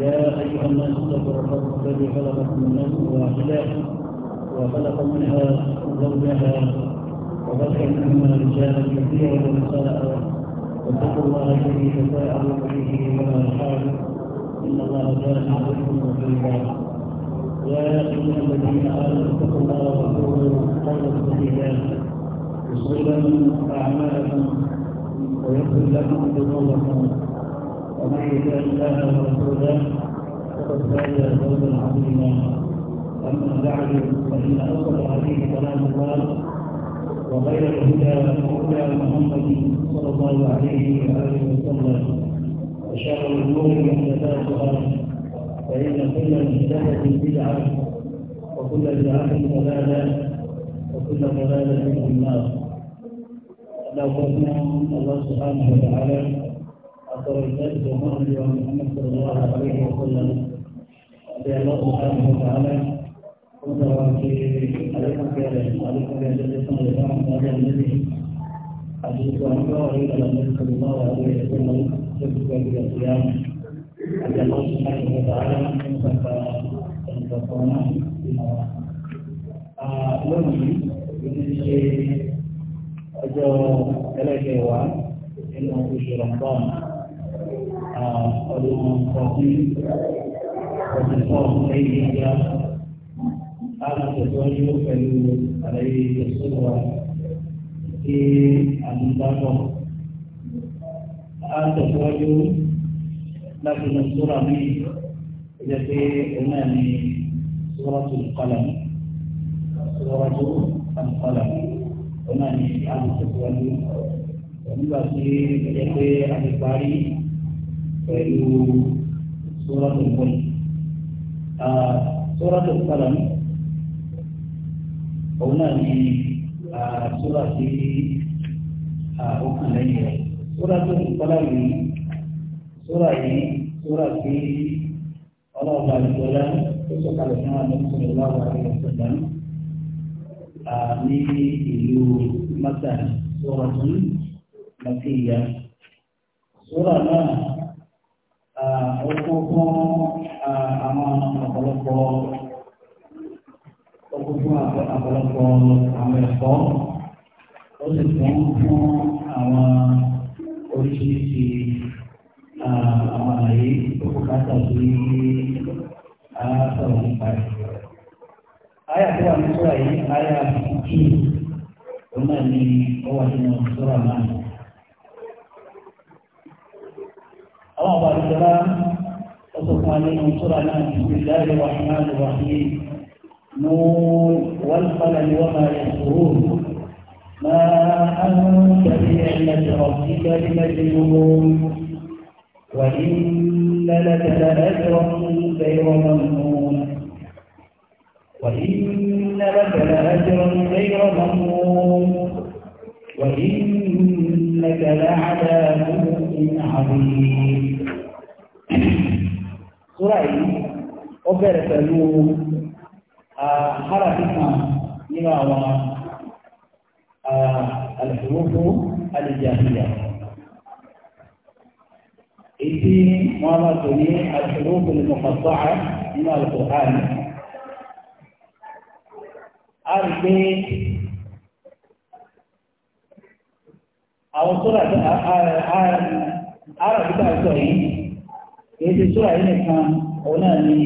يا أيها الناس اتقوا ربكم الذي خلقكم من نفس واحدة وخلق منها زوجها وبث منهما رجالا كثيرا ونساء واتقوا الله الذي تساءلوا به والأرحام إن الله كان عليكم رقيبا يا أيها الذين آمنوا اتقوا الله وقولوا قولا سديدا يصلي لكم أعمالكم ويغفر لكم ذنوبكم ومن يطع الله ورسوله فقد فاز فوزا عظيما اما بعد فان اصدق عليه كلام الله وغير الهدى هدى محمد صلى الله عليه واله وسلم وشر الامور محدثاتها فان كل محدثه بدعه وكل بدعه ضلاله وكل ضلاله في النار لو الله سبحانه وتعالى أفضل الناس ومعنى محمد صلى الله عليه وسلم رضي الله سبحانه وتعالى كنت عليكم في عليكم في أجلسكم لكم هذا الذي أجلس أمره إلى النبي صلى الله عليه وسلم جبت إلى القيامة رضي الله سبحانه وتعالى كنت فأنتصرنا لوني بالنسبة أجل إلى جواب إنه في رمضان ọdún ọtí ọdún fún ẹ̀yìn ìyá láti tẹ̀síwájú pẹ̀lú àlàyé ìṣòro wa kí àdúgbò á tẹ̀síwájú láti lọ sóra mi ìjẹ́ pé òun náà ní sóra tó kọlà mí sóra tó kọlà mí òun náà ní àdúgbò nígbà tí ìjẹ́ pé àdúgbò parí pẹ̀lú sóràtò ìpọ̀lì. sóràtò ìpọ̀lì mi òun náà ní sóra tí ó kàn lẹ́yìn rẹ̀. sóràtò ìpọ̀lì mi sóra yìí sóra tí ọlọ́ọ̀bà ìjọba tó sọ̀kalẹ̀ fún wa ní sọ̀rọ̀ wà ní ọ̀sẹ̀dá ní ìlú mọ́tà sóràtò mọ́tà ìyá. sóra náà oko ah, fún ah, àwọn ọ̀pọ̀lọpọ̀ oko fún ọ̀pọ̀lọpọ̀ àwọn ẹ̀fọ́ ó sì tún fún àwọn oríṣiríṣi ah, àwọn àyè oko káta sí àásọ̀rọ̀ nípa ẹ̀. Aya tó wà ní sọ́ra yìí, aya kìí, òun náà ni ó wà nínú sọ́ra náà. والسلام وصف عليهم سرعنا بسم الله الرحمن الرحيم نور والقلم وما يسرون ما أنت بنعمة ربك بمجنون وإن لك لأجرا غير ممنون وإن لك لأجرا غير ممنون وإنك لعلى خلق عظيم súra yìí ó bẹ̀rẹ̀ pẹ̀lú harafi kan nínú àwọn alùpùpù alìjàhìyà èyí wọn máa tò ní alùpùpù lùmọ̀kàtọ́à nínú alùpùpù a rí pé àwọn súra àrà bí ká yìí kìí ṣe sóra yìí nìkan òun náà ni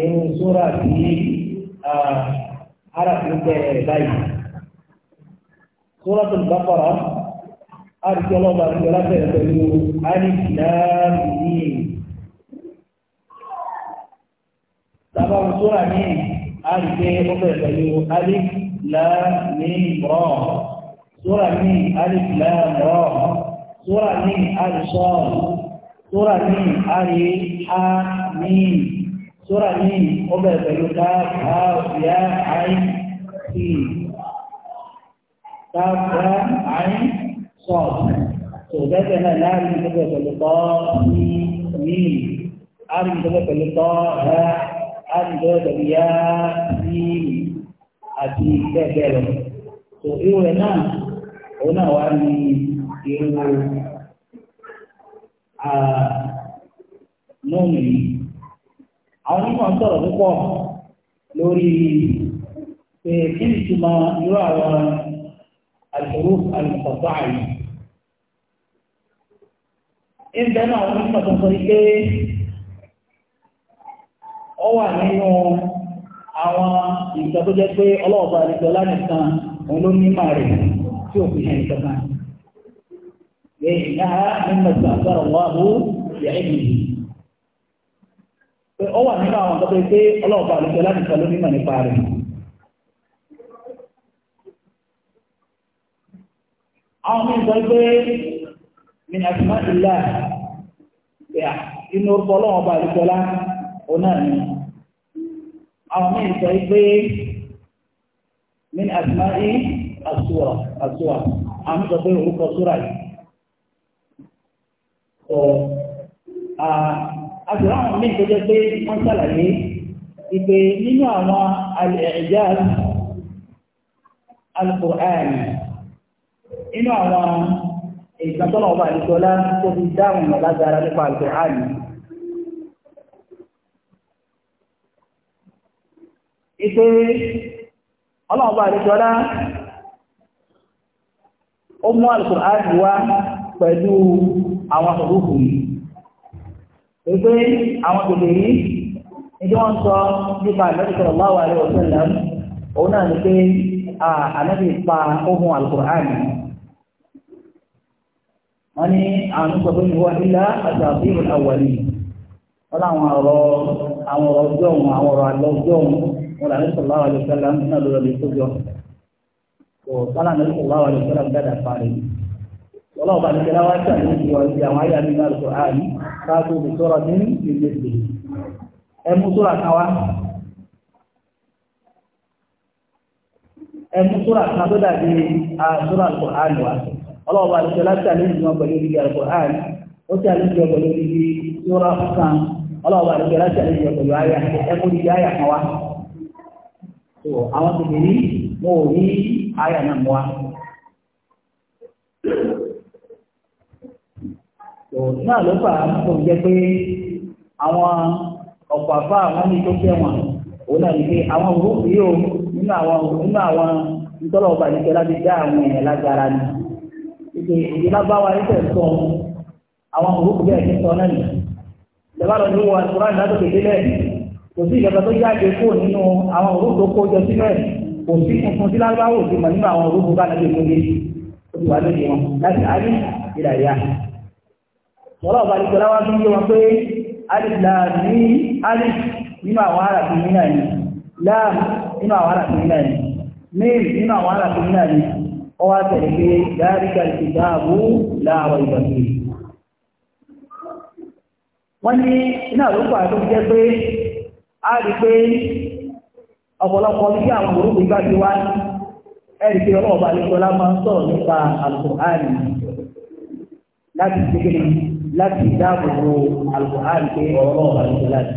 irú sóra tí ara fi ń bẹ̀rẹ̀ báyìí. Suratul Baqara àrùkí ọlọ́ba àti ọlábẹ̀rẹ̀ pẹ̀lú alif lam mim. Sábàbù sóra ní àrùkí ọbẹ̀rẹ̀ pẹ̀lú alif lam mim rọ̀. Sóra ní alif lam rọ̀. Sóra ní alif sọ́ọ̀rọ̀ sóra ní àrí àmín sóra ní ọbẹ̀ pẹ̀lú káàkiri àìsí káàkiri àìsọ̀ tó bẹ́ẹ̀ náà láàrin ìjọba pẹ̀lú tọ́ sí mí àrin ìjọba pẹ̀lú tọ́ rẹ̀ àrin ìjọba pẹ̀lú yá sí àti bẹ́ẹ̀ bẹ́ẹ̀ lọ. tó irú rẹ̀ náà òun náà wá ní irú nóòmù yìí àwọn onímọ̀ ń sọ̀rọ̀ púpọ̀ lórí pé kí ni ìtumọ̀ irú àwọn àṣòro àlùmọ̀tọ̀tọ̀ àyè ìbẹ̀ náà wọ́n ní pàtàkì pé ọ wà nínú àwọn ìgbà pé ọlọ́ọ̀bà àdìsọ́lá nìkan òun ló إنها مما استأثر الله بعلمه ó wà nínú àwọn ọ̀dọ́ pé ọlọ́ọ̀bá àlùfẹ́ láti sọ lórí mọ̀ nípa rẹ̀ àwọn mí sọ pé min asmailá inú orúkọ ọlọ́ọ̀bá àlùfẹ́ lá ọ̀nà ni àwọn mí sọ pé min asmailá àṣùwà àwọn mí sọ pé orúkọ súra yìí sọ uh, àṣìlá àwọn míì tó jẹ́ pé wọ́n ṣàlàyé ìpè nínú àwọn ẹ̀já al-Qur'an inú àwọn ìgbàtọ́nà ọba àdìsọ́lá tó fi dáhùn lágbára nípa al-Qur'an ìpè ọlọ́ọ̀bá àdìsọ́lá ó mú al-Qur'an wá pẹ̀lú àwọn sọ̀rọ̀kù yìí pé àwọn tòlè yìí níbi wọ́n sọ nípa ànábì sallallahu alaihi wasallam òun náà ní pé ànábì pa ohun alukur'ani wọ́n ní àwọn sọ pé ìwọ ilá àti àbíyù àwọ̀lì wọ́n láwọn ọ̀rọ̀ àwọn ọ̀rọ̀ ọjọ́ òun àwọn ọ̀rọ̀ àlọ́ ọjọ́ òun wọn làní sallallahu alaihi wasallam náà lọ́dọ̀ ọlọ́run bá nìkẹ́lá wá sí àwọn ìwà ìdí àwọn ayé àmì náà sọ ààrí káàtó lè sọ́ra ní ilé ìgbè ẹmú sóra kan wá ẹmú sóra kan tó dàbí àṣọra Al-Qur'an wa ọlọ́run bá nìkẹ́lá sí àlejò wọn pẹ̀lú ìdí Al-Qur'an ó sí àlejò wọn pẹ̀lú ìdí sóra kan ọlọ́run bá nìkẹ́lá sí àlejò wọn pẹ̀lú ayé ẹmú ìdí ayé kan wá àwọn tòmìnì náà ló fà á tó jẹ́ pé àwọn ọ̀pọ̀ àfa àwọn ní tó fẹ́ wọn òun náà ní pé àwọn burúkú yóò nínú àwọn nínú àwọn ìtọ́lọ̀ ọba ìdíkẹ́ láti dá àwọn èèyàn lágbára ni ìpè èdè lágbáwa ní tẹ̀sán àwọn burúkú bẹ́ẹ̀ ti sọ náà nì ìjọba lọ ní wọn kúrò àná tó kéde lẹ kò sí ìjọba tó jáde kó nínú àwọn burúkú tó kó jọ sílẹ̀ kò sí funfun sí lágbáwò ti mọ̀ nínú àwọn burúkú bá nàbẹ̀ ìmúlẹ̀ ó wọ́lọ́ ọba ìjọba wá tún jọ wọn pé alif láàmì alif nínú àwọn ará tó ní náà ni láàm nínú àwọn ará tó ní náà ni mil nínú àwọn ará tó ní náà ni ó wá tẹ̀lé pé dáríkà ti dáàbò láàrọ̀ ìgbàgbé máa ń sọ̀rọ̀ nípa àlùkò ààrùn láti ṣe kékeré láti dáàbò bo Al-Qur'an pé ọ̀rọ̀ àlùfẹ́lá ni.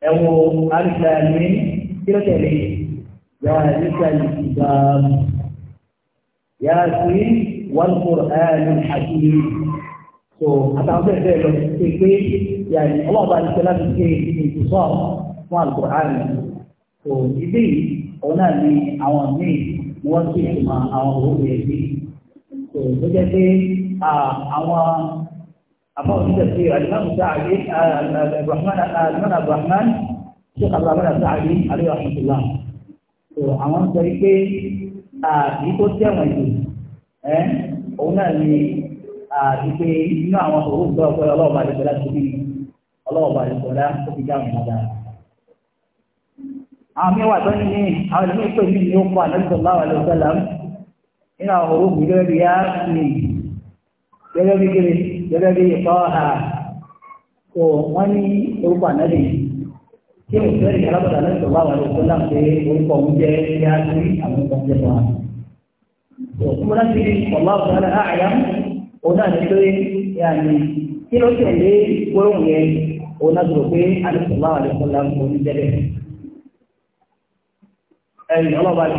ẹ wo àlùfẹ́lá ni kí ló tẹ̀lé yàrá àlùfẹ́lá ìgbà yàrá sí wal-Qur'an al-Hakim so àtàwọn bẹ́ẹ̀ bẹ́ẹ̀ lọ sí pé yàrá ọlọ́ọ̀bá àlùfẹ́lá ti ṣe ìtúsọ̀ fún Al-Qur'an so ìdí òun náà ni àwọn míì ni wọ́n sì máa àwọn òwúrò yẹn bíi tó ló jẹ́ pé àwọn àbá òṣìṣẹ́ sí alimami sáàlì alimami abdulrahman sheikh abdulrahman sáàlì aliyu rahmatulah tó àwọn sọ pé èyí tó tẹ̀wọ̀n jù ẹ́ òun náà ni ìpè inú àwọn òwò gbọ́ ọ̀pẹ ọlọ́ọ̀bà àdìgbọ́lá tó bí ọlọ́ọ̀bà àdìgbọ́lá tó fi dáhùn dáadáa àwọn mi wà tó ní ní àwọn ìlú ìpè mí ni ó kọ àdìgbọ́lá wà lọ́sọ̀lá nínú àwọn orúkú gẹ́gẹ́ bí yáàfì gẹ́gẹ́ bí gẹ́gẹ́ gẹ́gẹ́ bí ìtọ́ha tó wọ́n ní orúkọ ànábì tí o fẹ́ rí alábàtà náà tó bá wà ló kó láti orúkọ òun jẹ́ yáàfì àwọn ọkọ̀ jẹ́ tọ́ha. tó kúmọ́ láti rí ọ̀la ọ̀sán àyà òun náà ní pé yáàni kí ló tẹ̀lé gbólóhùn yẹn òun náà tó pé alùpùpù bá wà ló kó láti òun jẹ́ bẹ́ẹ̀. ẹ̀yìn ọlọ́ba àti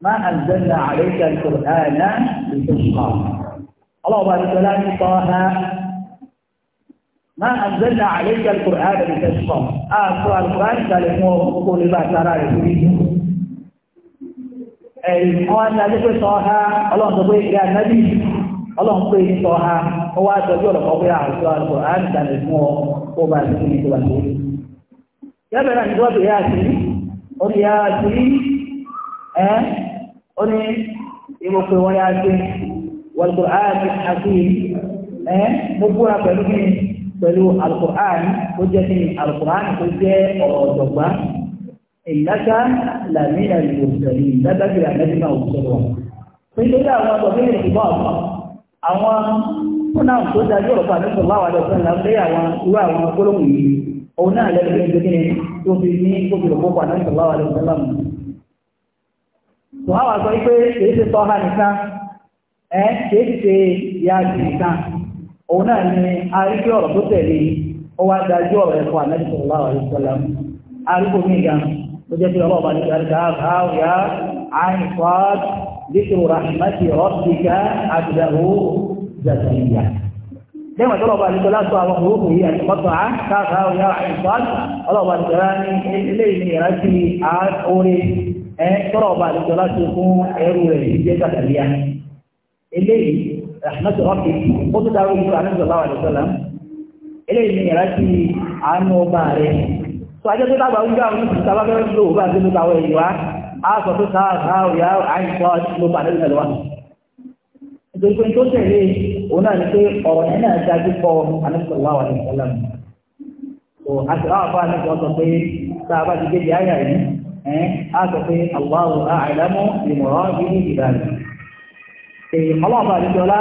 ما أنزلنا عليك القرآن لتشقى الله بارك لك طه ما أنزلنا عليك القرآن لتشقى آه سورة القرآن قال مو قول ما ترى يريد àwọn àti pé sọ́ha ọlọ́run tó pé ìgbà nábì ọlọ́run pé sọ́ha ó wá tọ́jú ọ̀rọ̀ kan pé àwùjọ àlùkò àìsàn ìfún ọ kó bá ti fún ìjọba tó rí. yẹ́bẹ̀rẹ̀ àti wọ́n tó yá sí ó ní ìwò pé wọ́n yá gbé wal-Qur'an al-Hakim ẹ́ mo búra pẹ̀lú kí ni pẹ̀lú al-Qur'an tó jẹ́ kí ni al-Qur'an tó jẹ́ ọ̀rọ̀ ọ̀dọ̀gba ìlàkà làmìnà ìwòsàn ìdágbàgbé àmẹ́ríkà òṣèlú wọn. nítorí àwọn ọ̀dọ̀gbẹ́ ìbọn àwọn fúnà tó dájú ọ̀rọ̀ pàdé láwọn àdọ̀sán là ń lé àwọn irú àwọn gbólóhùn yìí òun náà lẹ́nu tó ń tó fi ní gbogbo ìrọ̀pọ̀ pàdé sọ̀rọ̀ láwọn àdọ̀sán tó a wà sọ pé kìí ṣe tọ́ ha nìkan ẹ kìí ti ṣe ìyá nìkan òun náà ni a rí pé ọ̀rọ̀ tó tẹ̀lé ó wá dájú ọ̀rọ̀ ẹ̀kọ́ àmẹ́sì sallallahu alaihi wasallam arúgbó mi gan ló jẹ́ pé ọlọ́ọ̀bá ní ìdáríkà àbáwíyá àìsàn ذكر رحمة ربك عبده زكريا lẹ́yìn wàtí ọlọ́ọ̀bá àti ìjọlá sọ àwọn òwúkù yìí àti mọ́tàá káàkiri àwọn ìyá àìsàn ọlọ́ọ̀bá àti ní ilé ìlú ìrántí àárí ẹ tọrọ ọba àlejò láti fún ẹrú rẹ̀ ìjẹ́ kàtàlíà eléyìí rahmat rọ́ọ̀kì ó tún dáró ìlú àná ìjọba wà lọ́sọ̀lá eléyìí ni yàrá ti àánú ọba rẹ̀ tó ajẹ́ tó dábàá wíwá àwọn ìṣẹ̀lẹ̀ sábà fẹ́ẹ́ lò àti àwọn á sọ tó sáà sáà òyà nítorí pé tó tẹ̀lé á eh, sọ pé Allahu a'lamu bi muradihi ibadihi èyí ọlọ́ọ̀bà àdìjọlá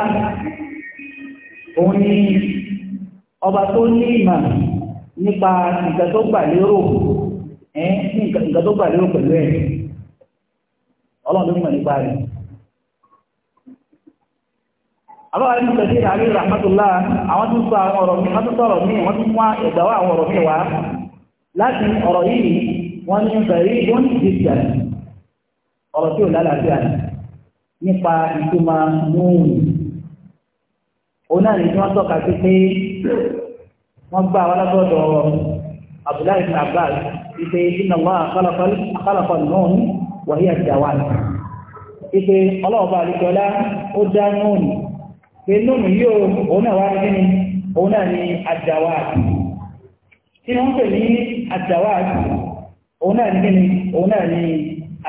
òun ni ọba tó ọba ìmọ̀ nípa nǹkan tó gbà lérò eh, nípa àwọn tó sọ àwọn ọ̀rọ̀ mi wọ́n tó mi wọ́n tó àwọn ọ̀rọ̀ mi wá láti ọ̀rọ̀ yìí wọ́n ní bẹ̀rí wọ́n ní ìdíjà ọ̀rọ̀ tí ò lálàáfíà nípa ìtumọ̀ nùún òun náà ní tí wọ́n tọ́ka sí pé wọ́n gbà wọ́n lọ́dọ̀ Abdullahi bin Abbas ìpè iná wọn àkàlàkọ̀ nùún wọ̀nyí àjàwá ìpè ọlọ́ọ̀bà àdìgbọ́lá ó dá nùún pé nùún yóò òun náà wá nínú òun náà ní àjàwá tí wọ́n pè ní àjàwá àti òun náà ní kíni òun náà ní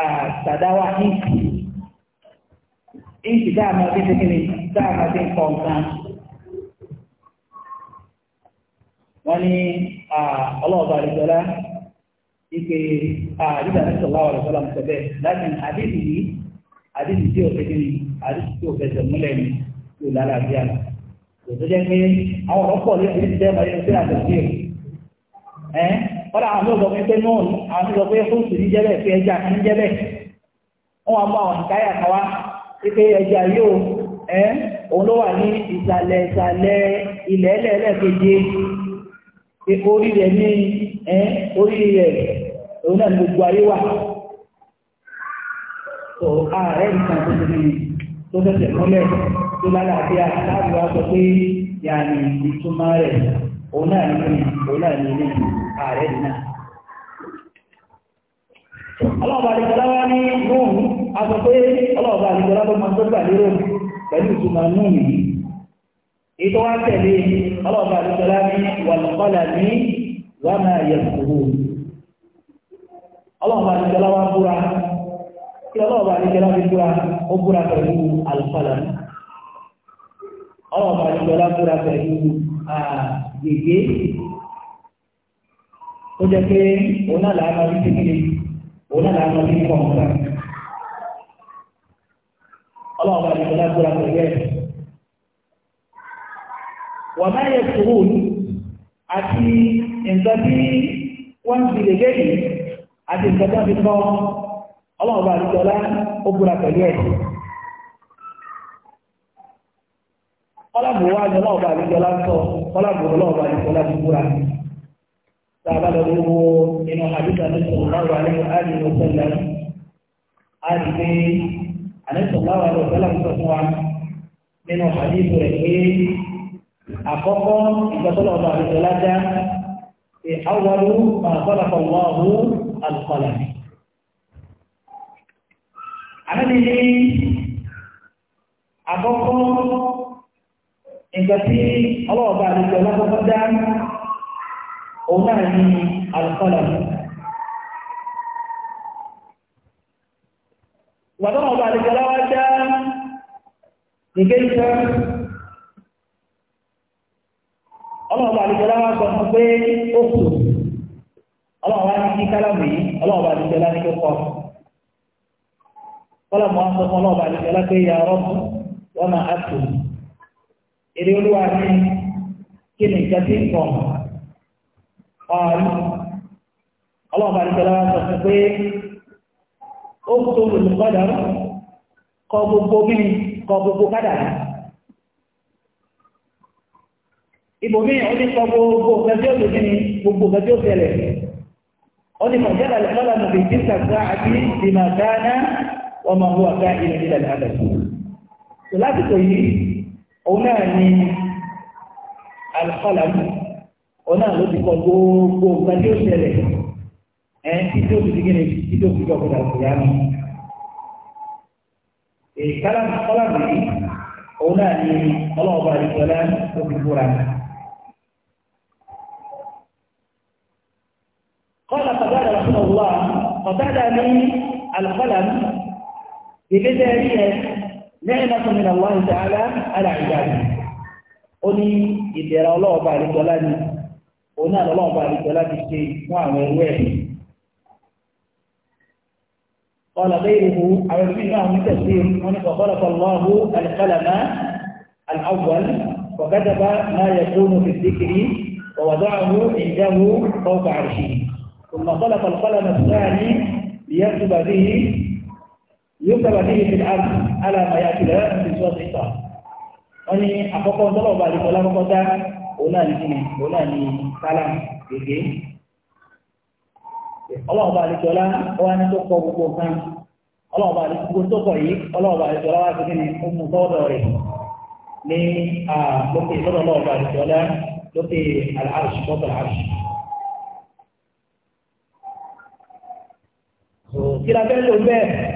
àtàdáwà íǹkì íǹkì dáàmà tí ti kíni dáàmà tí ń kọ́ nǹkan wọ́n ní ọlọ́ọ̀bà àdìjọ́lá ike àdìjọ́ àdìsọ̀lá ọ̀rọ̀ sọ́lá ń sẹ́bẹ̀ àdìsí yìí àdìsí tí ò fẹ́ kíni àdìsí tí ò fẹsẹ̀ múlẹ̀ ní yóò lálàáfíà lọ́sọ̀jẹ́ pé àwọn ọ̀rọ̀ pọ̀ lórí ìdílé ẹ̀mọ́ yẹn ń kọ́lá àwọn yóò sọ pé pé nọ́ọ̀nù àwọn yóò sọ nke ní wọ́n wá àwọn ìkáyà wá ẹja yóò ẹ́ òun ló wà ní ìsàlẹ̀ ìsàlẹ̀ ilẹ̀ orí rẹ̀ ní ẹ́ orí rẹ̀ òun náà gbogbo ayé wà tó ààrẹ tó ti tó mọ́lẹ̀ tó lálàáfíà sọ pé yàrá òun náà ní òun náà ní ilé ààrẹ náà ọlọ́ọ̀bà àdìgbàláwá ní nùn a sọ pé ọlọ́ọ̀bà àdìgbàláwá máa tó gbà lérò pẹ̀lú ìtumọ̀ nùn yìí ètò wa tẹ̀lé ọlọ́ọ̀bà àdìgbàláwá ní wàlúkọ́là ní wọ́n máa yẹ kúrò ọlọ́ọ̀bà búra kí ọlọ́ọ̀bà àdìgbàláwá fi búra ó búra pẹ̀lú àlùfàlà ọlọ́ọ̀bà àdìgbàláwá búra pẹ̀lú gègé tó jẹ́ pé òun náà làá máa fi kékeré òun náà làá máa fi kọ̀ ọ̀gá. ọlọ́run bá yẹn lọ́dọ̀ àgbà rẹ̀. wọ́n máa yẹ sùúrù àti nǹkan tí wọ́n fi lè gé yìí àti nǹkan tí wọ́n fi kọ́ ọlọ́run bá yẹn lọ́dọ̀ ó búra kọ́làbù wá ní ọlọ́ọ̀bà àdìjọ láńtọ̀ kọ́làbù ọlọ́ọ̀bà àdìjọ láti búra tààbà lọ gbogbo inú àdìjọ àdìjọ àdìjọ àdìjọ sẹ́lẹ̀ àdìjọ àdìjọ láwà lọ sẹ́lẹ̀ sọ fún wa nínú àdìjọ rẹ̀ pé àkọ́kọ́ ìgbàsọ́lọ́ọ̀bà àdìjọ lájá ìhàwọ́lú màkọ́làkọ̀ wọ́ọ̀hù àlùkọ́là àdìjọ àkọ́kọ́ nǹkan tí ọlọ́ọ̀bá àlejò ọlọ́kọ́kọ́ dá òun náà ní àlùkọ́là. ìgbàdàn ọba àlejò ọlọ́wọ́ dá gègé ìṣẹ́ ọlọ́ọ̀bá àlejò ọlọ́wọ́ sọ fún pé ó kù ọlọ́ọ̀bá ní kí kálámù yìí ọlọ́ọ̀bá àlejò ọlọ́wọ́ ní kí ó kọ́ kọ́lá mọ́ àwọn ọlọ́ọ̀bá àlejò ọlọ́wọ́ pé yàrá ọ̀tún wọ́n máa èrè olúwa ní kí ni nǹkan tí ń kàn ọ̀rí ọlọ́run bá nìkan lọ́wọ́ sọ fún pé ó tó olùkọ́dà kọ gbogbo mí kọ gbogbo kádà ibòmí ó ní kọ gbogbo kẹjọ́ òdòdó ní gbogbo kẹjọ́ òfẹ́lẹ̀ ó ní mọ̀jẹ́lá lọ́la mọ̀bí tí kàgbá àti ìdìmọ̀ dáná ọmọ òwúwà ká ìrìnlẹ̀ àdàkù. láti kò yìí òun náà ni alikọ́làmù òun náà ló ti kọ gbogbo nǹkan tí ó ṣẹlẹ̀ ẹ̀ títí ó fi di kíni títí ó fi di ọ̀kadà ìyá mi. ìkálàmù kọ́làmù yìí òun náà ni ọlọ́ọ̀bà ìjọba ó fi búra. kọ́lá kàdáàdà lọ́sọ̀rọ̀ wá kọ̀dáàdà ní alikọ́làmù ìgbésẹ̀ rí نعمة من الله تعالى على عباده أني إدرى الله بارك لنا أنا الله بارك لنا شيء وعمل وعمل قال غيره أو فيه من تفسير فخلق الله القلم الأول وكتب ما يكون في الذكر ووضعه عنده فوق عرشه ثم خلق القلم الثاني ليكتب به yóò به في الأرض على ما يأتي له في سورة الإسراء wọ́n ní àkọ́kọ́ tọ́lọ̀ bá àdìpọ̀ lákọ́kọ́ dá òun náà ní kíni òun náà ní kálám gègé ọlọ́run bá àdìpọ̀ wọ́n ní tó kọ gbogbo kan ọlọ́run bá àdìpọ̀ gbogbo tó kọ yìí ọlọ́run bá àdìpọ̀ lá wá sí kíni ó mú sọ́dọ̀ rẹ̀ ní lókè sọ́dọ̀ ọlọ́run bá àdìpọ̀ lá lókè àlàáṣì kí la fẹ́ lò bẹ́ẹ̀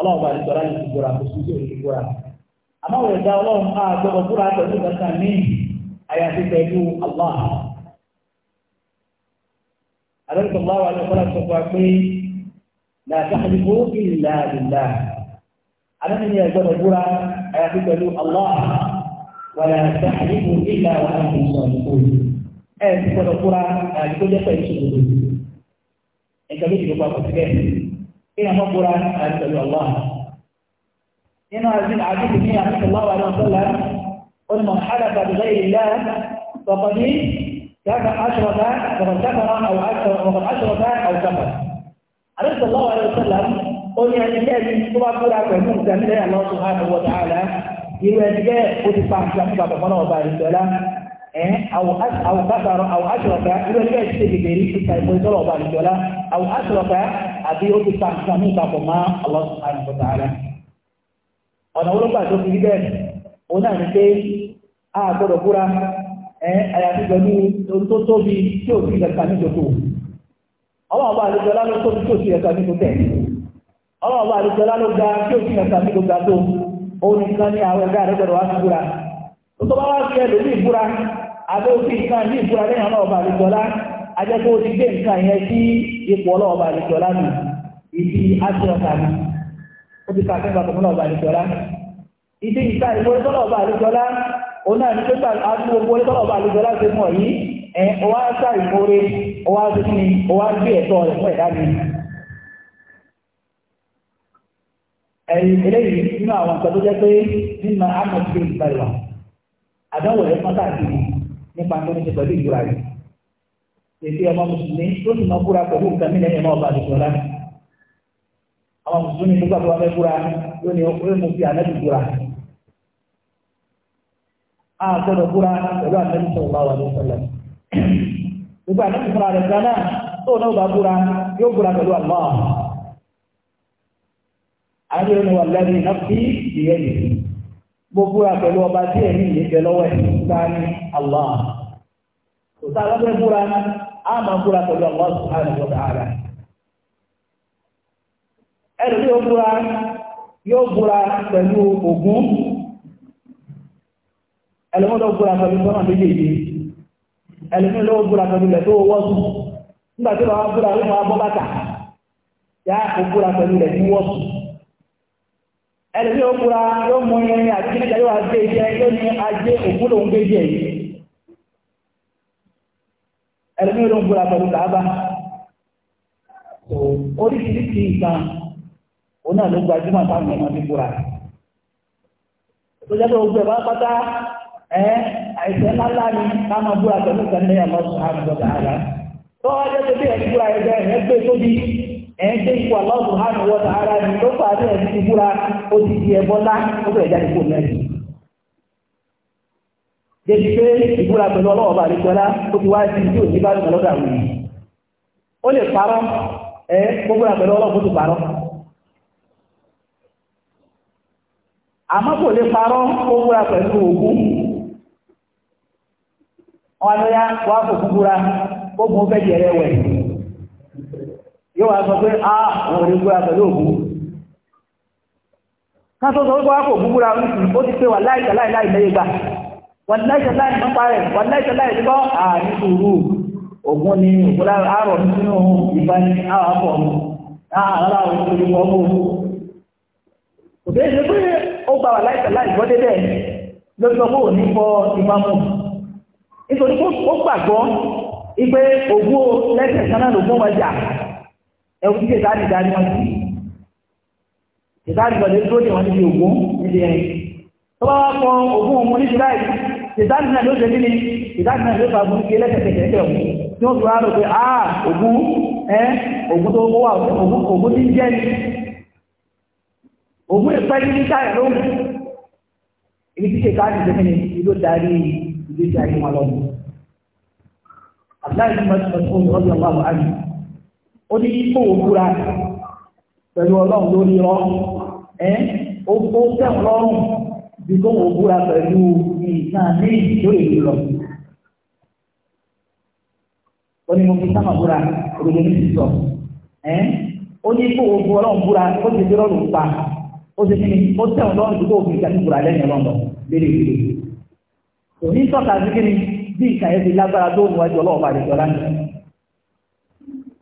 ọlọ́run bá nìtọ́lá ní ìgbòrà kò sí òní ìgbòrà àmọ́ wọ́n da ọlọ́run á gbọ́dọ̀ búra pẹ̀lú kankan ní àyàfi pẹ̀lú Allah àdókò bá wà lọ́kọ́lá tó kọ́ pé làtàkìlìkò ìlà ìlà àdókò ní ẹ̀gbọ́dọ̀ búra àyàfi pẹ̀lú Allah wà làtàkìlìkò ìlà wà láti sọ ìkó ẹ̀ ti gbọ́dọ̀ búra àyàfi tó jẹ́ pẹ̀lú ìṣòro ìkàlẹ́ ìdìbò àkọsílẹ̀ إيه ما قرأ عبد الله إنا عزيز عبد مية الله عليه وسلم قل من حلف بغير الله فقد كفر عشرة فقد كفر أو عشرة فقد عشرة أو كفر عرفت الله عليه وسلم قل يا من إن كل قرى كنتم تملي الله سبحانه وتعالى يرجع ودفع شمسك فنور بارك الله أو أو كفر أو أشرك إذا لم يجتهد بريء فيقول صلى الله عليه وسلم أو أشرك أبي ma تحكمي كما الله سبحانه وتعالى tó fi òun náà ní pé a tó tóbi tí ní ló tóbi tí ní ga tí ní òun nìkan tó bá wá ìbúra abẹ́ òfin nǹkan ní ìbúra lẹ́yìn ọlọ́ọ̀bà àlejòlá ajẹ́kọ́ o ti gbé nǹkan yẹn sí ipò ọlọ́ọ̀bà àlejòlá nù ibi áṣíọ̀tà ni ó ti kàfẹ́ bàtà fún ibi ìwọlé àlejòlá òun náà ní pé àti àlejòlá mọ̀ yìí ẹ̀ sá ní gbé ẹ̀tọ́ àdáwò rẹ̀ pọ́n káàkiri nípa tó ní ti pẹ̀lú ìjọra rẹ̀ tètè ọmọ mùsùlùmí tó sì máa kúra pẹ̀lú nǹkan mílẹ̀ ẹ̀ máa bá àdìsọ rẹ̀ ọmọ mùsùlùmí nígbà tó wà fẹ́ kúra yóò ní ó mú fi ànábì kúra a gbọ́dọ̀ kúra pẹ̀lú ànábì sọ̀rọ̀ bá wà ní sọ̀rọ̀ nígbà ànábì fúnra rẹ̀ gánà tó náà bá kúra yóò kúra pẹ̀lú àlọ́ àdìsọ̀rọ̀ wà lẹ́yìn náà fi ìyẹn nìyí gbogbo àpẹ̀lú ọba tí ẹ̀mí yìí bẹ lọ́wọ́ ẹ̀ sáni Allah kò sáà lọ́fẹ́ búra á máa búra pẹ̀lú Allah subhanahu wa ta'ala ẹ̀rù yóò búra yóò búra pẹ̀lú Ògún ẹlòmọ́dọ̀ búra pẹ̀lú sọ́nà méjèèjì pẹ̀lú nígbà tí wọ́n bọ́ bàtà yá pẹ̀lú ẹlẹ́bí ó kúra yóò mú irin àti kíníkà yóò wá iṣẹ́ yóò ní ajé òkúlò ń gbé iṣẹ́ yìí ẹlẹ́bí ó O pẹ̀lú kàába oríṣiríṣi ìtàn òun náà ló gbajúmọ̀ táwọn ọmọ ti kúra tó jẹ́ pé gbogbo ẹ̀ ẹ̀ẹ́dẹ́ ikú aláwọ̀ hánà wọ́n tààrà ní ló fà ní ẹ̀sìn ti búra ó ti di ẹbọ ńlá ó bẹ̀rẹ̀ jáde kó mẹ́rin. débi pé ìbúra pẹ̀lú ọlọ́wọ́ bá àdékọ́lá ó ti wá sí ọrụ. ò bá lọ́dọ̀ àwọn èèyàn. ó lè parọ́ ẹ pẹ̀lú ọlọ́wọ́ tó parọ́. àmọ́ kò lè parọ́ yóò wá sọ pé a wọn rí gbé àtẹ̀lé òkú káṣọ́ sọ wípé wá kò gbúgbúra oríṣìí ó ti pé wà láìsẹ̀ láì láì lẹ́yẹ gbà wà láìsẹ̀ láì ní parẹ̀ wà láìsẹ̀ láì ní bọ́ àní sùúrù ògùn ni òkúlá àárọ̀ nínú ìgbà ni àwọn àpọ̀ mi àárá òun tó ní wọ́n mú kò bẹ́ẹ̀ ṣe pé ó gba wà láìsẹ̀ láì gbọ́ débẹ̀ lójú ọgbọ́n òní fọ ìmáàmù nítorí ó gbàgbọ́ ipe ògùn lẹ́sẹ̀ kan náà lògùn wọn jà ẹ̀wù tí ìdáni ìdáni wọn sí ìdáni ìbọ̀lẹ̀ tó dé wọn níbi ògún níbi ẹ̀yìn tó bá wá kọ ògún òun ní july ìdáni náà ló ṣe ní ni ìdáni náà ló fa ògún kí ẹlẹ́sẹ̀kẹ̀kẹ̀ òun tí ó fi wá rò pé a ògún ẹ ògún tó wà ògún tí ń jẹ́ ni ògún ìpẹ́ ní ní táyà ló ń ibi tí ìdáni ìdáni ni ìlú darí ìgbésí ayé wọn lọ́wọ́ àbúláyé ní mọ́tò mọ́tò ọ̀dọ́ ó ní kó òkúra pẹ̀lú ọlọ́run lórí rọ ẹ́ ó kó sẹ́wọ̀n bí kó òkúra pẹ̀lú ní lọ. ó ní mo fi búra ní sísọ ó ní ọlọ́run búra ó ti pa ó ti ní ó bí kó búra lẹ́yìn ọlọ́run òní sí kí ni bí lágbára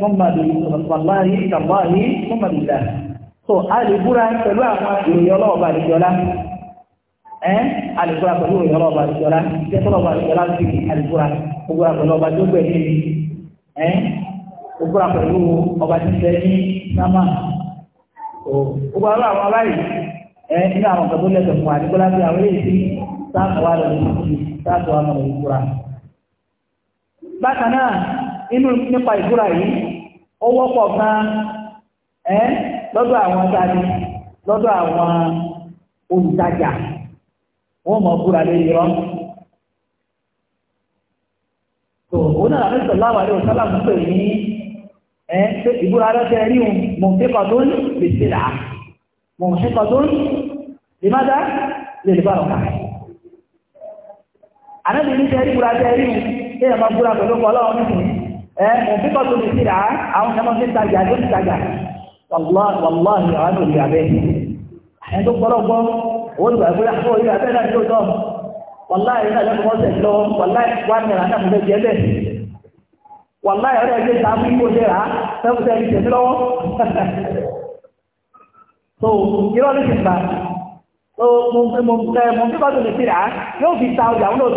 ثم بالله كالله ثم بالله so a lè eh, a lè búra pẹlụ ìròyìn ọlọ́ọ̀bà ọba tó gbẹ̀mí mi ẹ́ eh, gbogbo ọba tí ń bẹ ní sámà gbogbo àwọn àwọn aláì ẹ́ eh, nínú àwọn kan tó lẹ́sẹ̀ fún inú nípa ìbúra yìí ó wọ́pọ̀ gan ẹ́ lọ́dọ̀ àwọn tani lọ́dọ̀ àwọn olùtajà wọ́n mọ̀ búra lé yọ. tó o náà ní sọ̀lá wà ní òsálà ń pè ní ẹ́ pé ìbúra rẹ̀ rí un mọ̀nkẹ́kọ̀ tó ń pèsè rà mọ̀nkẹ́kọ̀ tó ń lè má dá lè lè bá ọ̀ka. àná mi ní sẹ́rí búra sẹ́rí un kí ẹ̀ máa búra pẹ̀lú ọlọ́run nìkan ẹ òǹfíkọ̀ tó lè sí rà á àwọn ọmọ ní tajà ló ti tajà wàláhì àwọn òbí abẹ́ ẹni tó gbọ́dọ̀ gbọ́ owó ìgbà ìgbé àpò orí abẹ́ náà ní òótọ́ wàláhì náà lẹ́nu mọ́sẹ̀ lọ wàláhì wà ní ìrànlá mi lẹ́jẹ̀ bẹ́ẹ̀ wàláhì ọ̀rẹ́ ẹgbẹ́ ta fún ipò ṣe so irọ́ ní ti so mo ń fẹ́ mo ń fẹ́ mo ń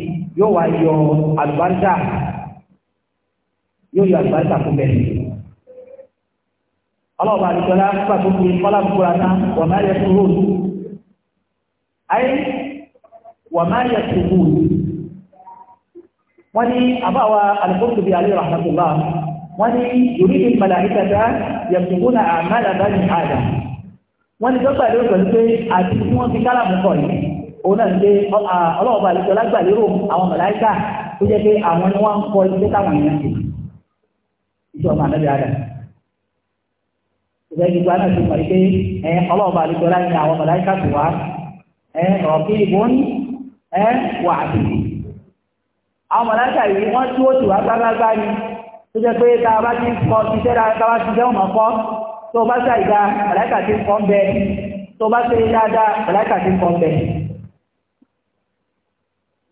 yóò wá yọ àlùbáríkà yóò yọ àlùbáríkà fún bẹ́ẹ̀. ọlọ́ọ̀bà àdìsọ́lá nígbà tó fi kọ́lá fúnra tán wọ́n máa yẹ kúrò ní. ayé wọ́n máa yẹ kúrò ní. wọ́n ní àbáwa alùpùpù bíi alẹ́ rahmatulá wọ́n ní yorí ní màláìka dá náà àmàlà bá ní àdá. wọ́n ní dọ́kítà ló àti wọ́n fi kálàmù kọ̀ yìí òun náà ṣe ọlọ́ọ̀bà àlejò alágbàlérò àwọn màláíkà tó jẹ́ pé àwọn ni wọ́n ń kọ iṣẹ́ táwọn èèyàn ṣe iṣẹ́ ọmọ ànábì àdà ìgbà ìgbà náà ti mọ̀ pé ọlọ́ọ̀bà àlejò ọlá ni àwọn màláíkà tó wá ọ̀kí ìbọn wà á bìbì àwọn màláíkà yìí wọ́n tí ó ti wá gbágbágbá ni tó jẹ́ pé tá a bá ti kọ iṣẹ́ tá a bá ti jẹun mọ̀ kọ́ tó o bá ṣàìdá màláíkà ti kọ́ ń tó bá ṣe dáadáa màláíkà ti kọ́ ń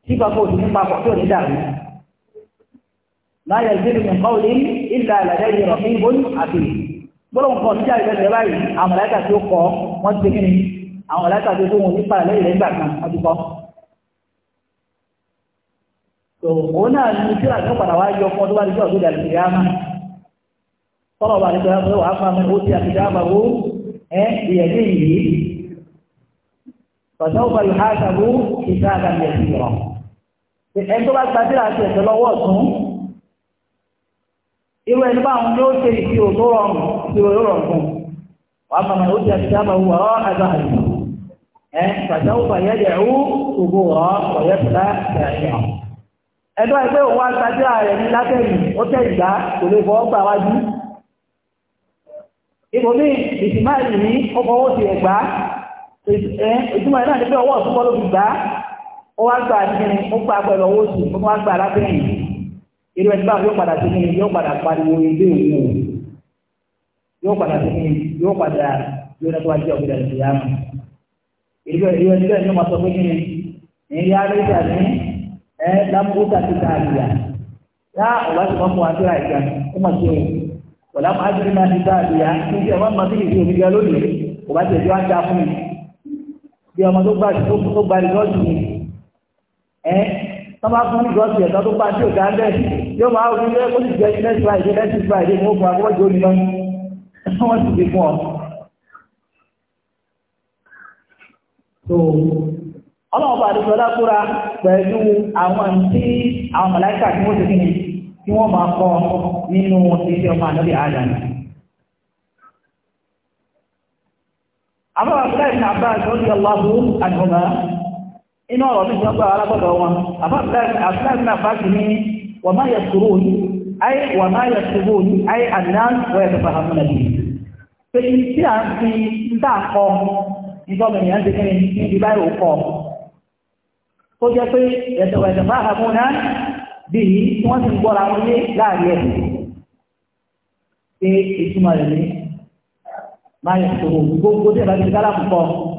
tí bàbá òsì nípa pọ̀ tí ò ní dàrú. láyé ìdílé mi kọ́ òní ìlà ìlàdé ìrọ̀ fún ìbò àti gbọ́dọ̀ nǹkan níjà ìgbẹ́sẹ̀ báyìí àwọn màláíkà tí ó kọ́ wọ́n ti kí ni àwọn màláíkà tí ó tóun nípa lẹ́yìn lẹ́gbà kan wọ́n ti kọ́. tó òun náà ní tíra tó padà wá yọ fún ọdún bá ti jọ́ ọdún ìdàlẹ̀ ìyáàmà tọ́lọ̀ bá ti jọ ọdún wàá fún ẹni tó bá gbadíra àti ẹ̀sẹ̀ lọ́wọ́ ọ̀tún irú ẹni báwọn ni ó ṣe ìṣirò tó rọrùn ìṣirò tó rọrùn fún wàá mọ̀mọ́ ó ti àtijọ́ àbá wù ọ́ àgbà àyè ẹ pàṣẹ ó fàyẹ́ yẹ̀ ó ògbó ọ́ ọ̀yẹ́ fúlá ṣàyẹ̀ ẹ̀dọ́ ẹgbẹ́ òun wá gbadíra rẹ̀ ní látẹ̀yìn ó tẹ̀ ìgbà kò lè fọ́ gbà wájú ipò bí ìsìmáìlì ní ó fọwọ́ ẹ̀gbá ìtumọ̀ ẹ̀ náà ó wá gbà kíni ó gbà pẹ̀lú owó oṣù ó wá gbà lábẹ́yìn irú ẹni báwo yóò padà sí kíni yóò padà pariwo ilé òun o yóò padà sí kíni yóò padà yóò dẹ́kun ajé ọ̀gbìn àti ìyá mi irú ẹni bẹ́ẹ̀ ni ó máa sọ pé kíni ìyá arẹ́jà ní ẹ lámúgbó tàbí tààlìyà yá ọ̀la ti máa fún wa síra ìjà ó máa ṣe o ọ̀la máa ti máa ti tààlìyà níbi ẹ̀wọ́n máa ti lè fi òbí ga lónìí kò bá ti ẹ̀jọ́ á já fún mi bí ọmọ tó ẹ́ tọ́ba fún ìjọsìn ẹ̀tọ́ tó pàṣẹ òkè àbẹ́ yóò máa wí pé ó sì jẹ́ next friday next friday mo fún akọ́kọ́ jù omi náà wọ́n sì fi fún ọ. so ọlọ́run bá àdúgbò lákúra pẹ̀lú àwọn tí àwọn mọ̀láìkà tí wọ́n ti kí ni tí wọ́n máa kọ́ nínú iṣẹ́ ọmọ ànábì àdàmì. àbúrò àbúrò ìsìn àbá àti ọ̀dọ́ inú ọ̀rọ̀ ní ìjọba alágbọ́dọ̀ wọn àbáàbìnà báàkì ní wà máa yẹ sùúrù ní ayé wà máa yẹ sùúrù ní ayé àdínà wọ́n yẹ tẹ́fà hàmúnà bí pé tí a fi ń dà kọ ìjọba ènìyàn ti kẹ́rin ní ibi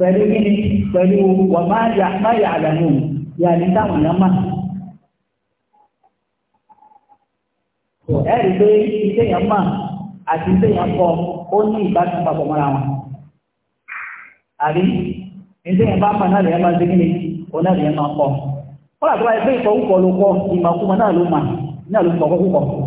pẹ̀lú gíní pẹ̀lú wà máa yà àdàmù yà ní táwọn àlámà. ẹ̀rí pé iṣẹ́ yẹn mà àti iṣẹ́ yẹn kọ ó ní ìbátan papọ̀ mọ́ra wọn. àbí iṣẹ́ yẹn bá mà náà lè máa ṣe òun náà lè máa kọ. kọ́lá tó bá yẹ pé ìkọ̀ òkọ̀ ló kọ ìmọ̀kúmọ̀ náà ló mà náà ló kọ̀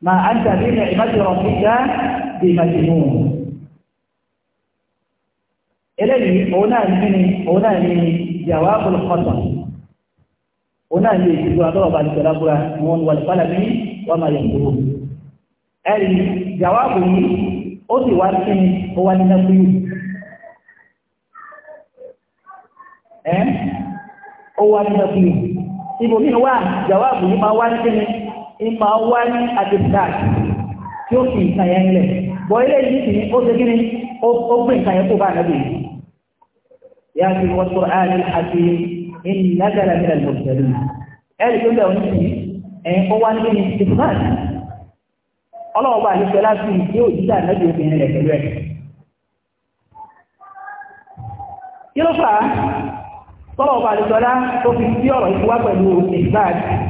mà á ń tàbí ní ìmájọ ọ̀sìn dá bí ìmájọ mú un. eléyìí òun náà ní ní òun náà ní ìyàwó olùkọ́tọ̀ òun náà ní ìṣègùn àtọ́wọ̀ bá ti tẹ̀lá búra wọn wà lùpàlà bí wọ́n máa yọ̀ kúrò. ẹ̀rì ìyàwó àbò yìí ó sì wá ni ó wá ní nàkúyù. ẹ̀ ó wá ní nàkúyù. ibòmíì ìmọ̀ wá ní àdìsáàt tí ó fi ìkàyẹ ilẹ̀ bọ̀ ilé yìí sì ní ó ṣe kí ni ó gbé ìkàyẹ kó bá nàbì yá sí wọ́n tó ààrẹ àti ìnàgàrà ní àlùmọ̀tẹ̀lú ẹ̀rì tó bẹ̀rù ní sí ẹ̀ ó wá ní ní ìfúnnáà ọlọ́wọ́ bá àlùfẹ́ láti ìdí òjìdá nàbì obìnrin rẹ̀ pẹ̀lú ẹ̀ kí ló fà á tọ́lọ̀ bá àlùfẹ́ tó fi sí ọ̀rọ̀ ìfúwá pẹ̀lú ìgbáàdì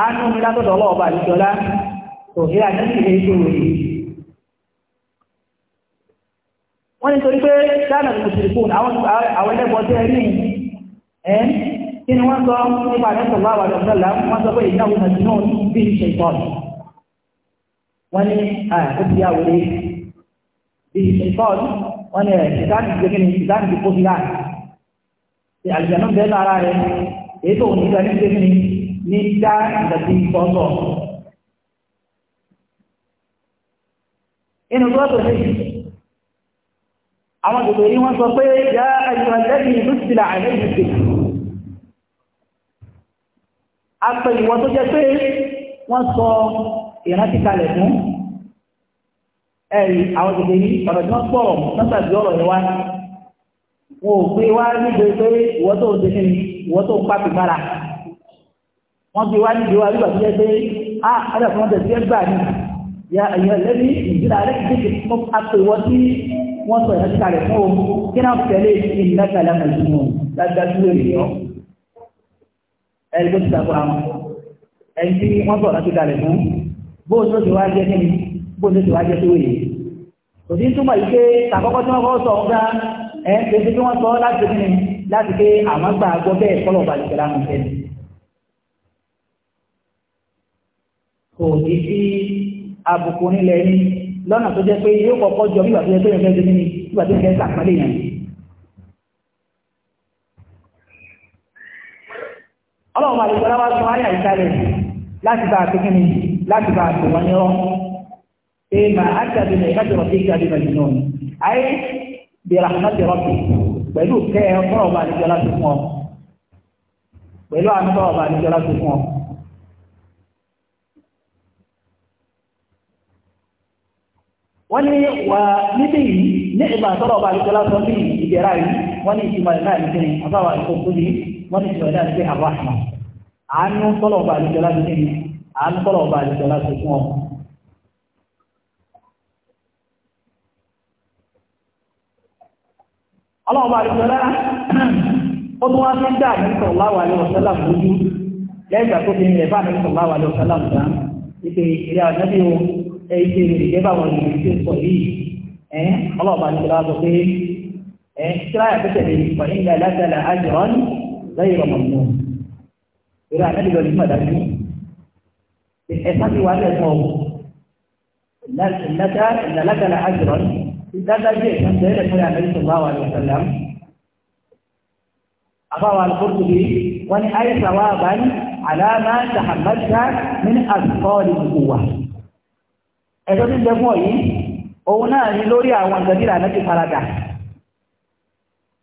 àánú mi látọ̀dọ̀ ọlọ́ọ̀bà àdìjọlá tó ìlà ní ìlé ìṣe òye wọ́n ní torí pé dáàdà tó ti kún àwọn ẹlẹ́bọ̀ tẹ́ rí ẹ́ kí ni wọ́n sọ nípa àdẹ́sọ̀ bá wàdọ̀ sọ́là wọ́n sọ pé ìdáwó nàìjíríà náà bí i ṣe ìtọ́nù wọ́n ní àkókò àwòrán bí i ṣe ìtọ́nù wọ́n ní ìdáàdì gbẹ́gbẹ́ ní ìdáàdì kó fi láàrín àlùjànnú bẹ́ẹ̀ lára rẹ̀ èyí tó ní ìdáàdì gbẹ́gbẹ́ ní ní dá ìdàtí ìtọ́tọ̀. inú tọ́tọ̀ sí àwọn gbogbo yí wọ́n sọ pé yá ayúwàlẹ́bí lùsìlà àìlẹ́gbèsè a pè ìwọ̀n tó jẹ́ pé wọ́n sọ ìrántí kalẹ̀ fún ẹ̀rí àwọn gbogbo yí ọ̀rọ̀ tí wọ́n pọ̀ lọ́sàbí ọ̀rọ̀ yẹn wá wọn ò gbé wá nígbè pé ìwọ́n tó ń ṣe kí ni ìwọ́n tó ń pàpì mára wọ́n gbé wá nílé wa nígbà tó jẹ́ pé a ah, ọ̀dà tó wọ́n tẹ̀sí ẹ gbà ní ya ẹ̀yẹ lẹ́ni ìdílé alẹ́ kéèké fún apèwọ́ tí wọ́n sọ ìrántí kalẹ̀ fún o kí náà tẹ̀lé ìlẹ́kàlẹ́ àmàlùmọ́ dájú lórí ọ́ ẹni tó ti sàkó àwọn ẹni tí wọ́n sọ ìrántí kalẹ̀ fún bó ló ti wá kí ni bó ló ti wá jẹ́ tó wèye kò sí túmọ̀ yìí pé tàkọ́kọ́ tí wọ́n kọ́ sọ ọ̀gá ẹ̀ ń pèsè kí wọ́n sọ láti kí ni láti kò ní sí àbùkù nílẹ̀ ní lọ́nà tó jẹ́ pé yóò kọ́kọ́ jọ bí ìgbà tó yẹ pé yẹn fẹ́ẹ́ ní ìgbà tó yẹ sàpálẹ̀ yẹn. ọlọ́run àti ìgbàlá wa sọ ayà ìkàlẹ̀ láti bá àpékin ni láti bá àpò wọn yọ pé mà á tàbí nà ìkájọ ọ̀dẹ́ ìkájọ ìbàjẹ́ náà ayé bẹ̀rẹ̀ àmàtì rọ́pì pẹ̀lú kẹ́ ọ̀rọ̀ ọba àti ìgbàlá tó fún ọ pẹ̀lú àmì ọba àti tó fún ọ wọ́n ní wà níbi yìí ní ìgbà tọ́lọ̀ ọba àdìsọ́lá sọ bí ìdẹ̀ra yìí wọ́n ní ìtumọ̀ ìlà ìdíjẹ́ ní ìkókó ní wọ́n ní ìtumọ̀ ìlà ìdíjẹ́ àwọn àánú tọ́lọ̀ ọba àdìsọ́lá sọ bí àánú tọ́lọ̀ ọba fún ọ. ọba ó tún wá sí dá lójú lẹ́yìn ìgbà tó fi ń rẹ̀ bá ẹ̀yẹ ìrìnjẹ́ bá wọn lè ṣe sọ yìí ẹ̀ ọlọ́ọ̀bá ní ìlà sọ pé ẹ̀ kíláyà tó tẹ̀lé ìgbà nígbà látàlá àjọ̀rán lẹ́yìn ọmọdún ìrà àtẹ́lẹ́gbẹ̀ ní mọ̀dájú ẹ̀sán ti wà lẹ́sọ̀ ìlà látàlá àjọ̀rán ìdádájú ẹ̀sán tẹ́lẹ̀ fún àmẹ́sọ̀ bá wà lọ́sọ̀lá àbáwá alùpùpù wọn ni àyẹ̀sà wà bá ní tàhàmàtà ní àtọ́ọ̀lù kùwà. ẹ̀tọ́ tí ń bẹ fún ọ̀yí òun náà ni lórí àwọn farada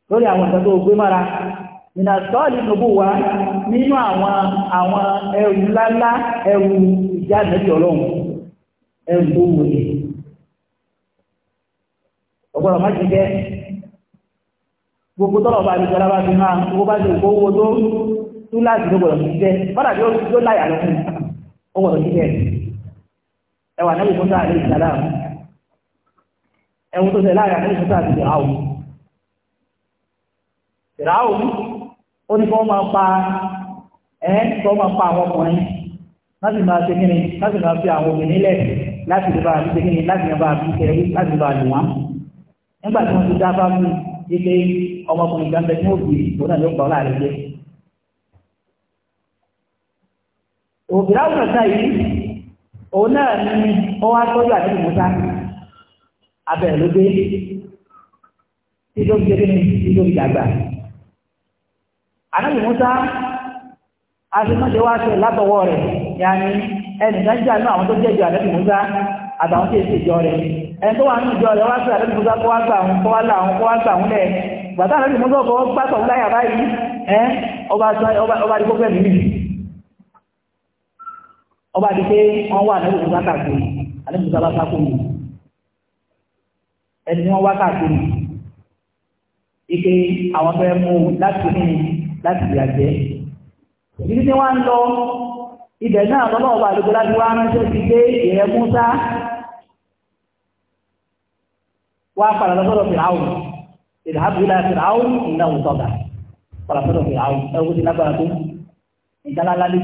lórí àwọn ǹkan tó mara ìnà sọ́ọ̀lì wa nínú àwọn àwọn ẹrù ńláńlá ẹrù ìjà nàbí ọlọ́run ẹrù tó má ti jẹ́ gbogbo tọ́lọ̀ bá ti jọra bá ti máa gbogbo bá ti gbogbo owó tó tún láti ẹwà nẹ́bí fún sáà lẹ́yìn sàlám ẹwù tó ṣe láàrin àti ìfúnta àti ìràwù ìràwù ó ní kí wọ́n máa pa ẹ́ kí wọ́n máa pa àwọn ọkùnrin láti máa ṣe kíni láti máa fi àwọn obìnrin lẹ̀ láti lè bá àbí ṣe kíni láti lè bá àbí kẹrí láti lè bá lù wọ́n nígbà tí wọ́n ti dá bá mú ilé ọmọkùnrin kan bẹ tí wọ́n bì ó náà ló gbọ́ láàrin jẹ́ òbí láwùjọ sáà òun náà ní ó wá tọ́jú àti ìmúta abẹ́rẹ́ ló dé tí ló fi dédé ní tí ló fi dàgbà. wá ṣe látọwọ́ rẹ̀ yanni ẹnìkan jà ní àwọn tó jẹ́ ìjọ ànábì Mùsá àtàwọn tí èsì ìjọ rẹ̀ ẹni tó wà ní ìjọ rẹ̀ wá sí ànábì kó wá àwọn kó ọba ọba di pé wọ́n wà nínú ìgbà káàkiri àníbi ìgbà bá kú yìí ẹni wọ́n wá káàkiri ike àwọn fẹ́ mú láti ní láti ìyà jẹ́ ìdí tí wọ́n ń lọ ibẹ̀ náà lọ́nà ọba àdúgbò láti wá ránṣẹ́ sí pé ìrẹ́ Músá wá padà lọ́sọ̀rọ̀ fìràwùn ìdàbí ilà fìràwùn ìdáhùn sọ̀gà padà sọ̀rọ̀ fìràwùn ẹ̀wọ́n lágbára tó ìdáná lálẹ́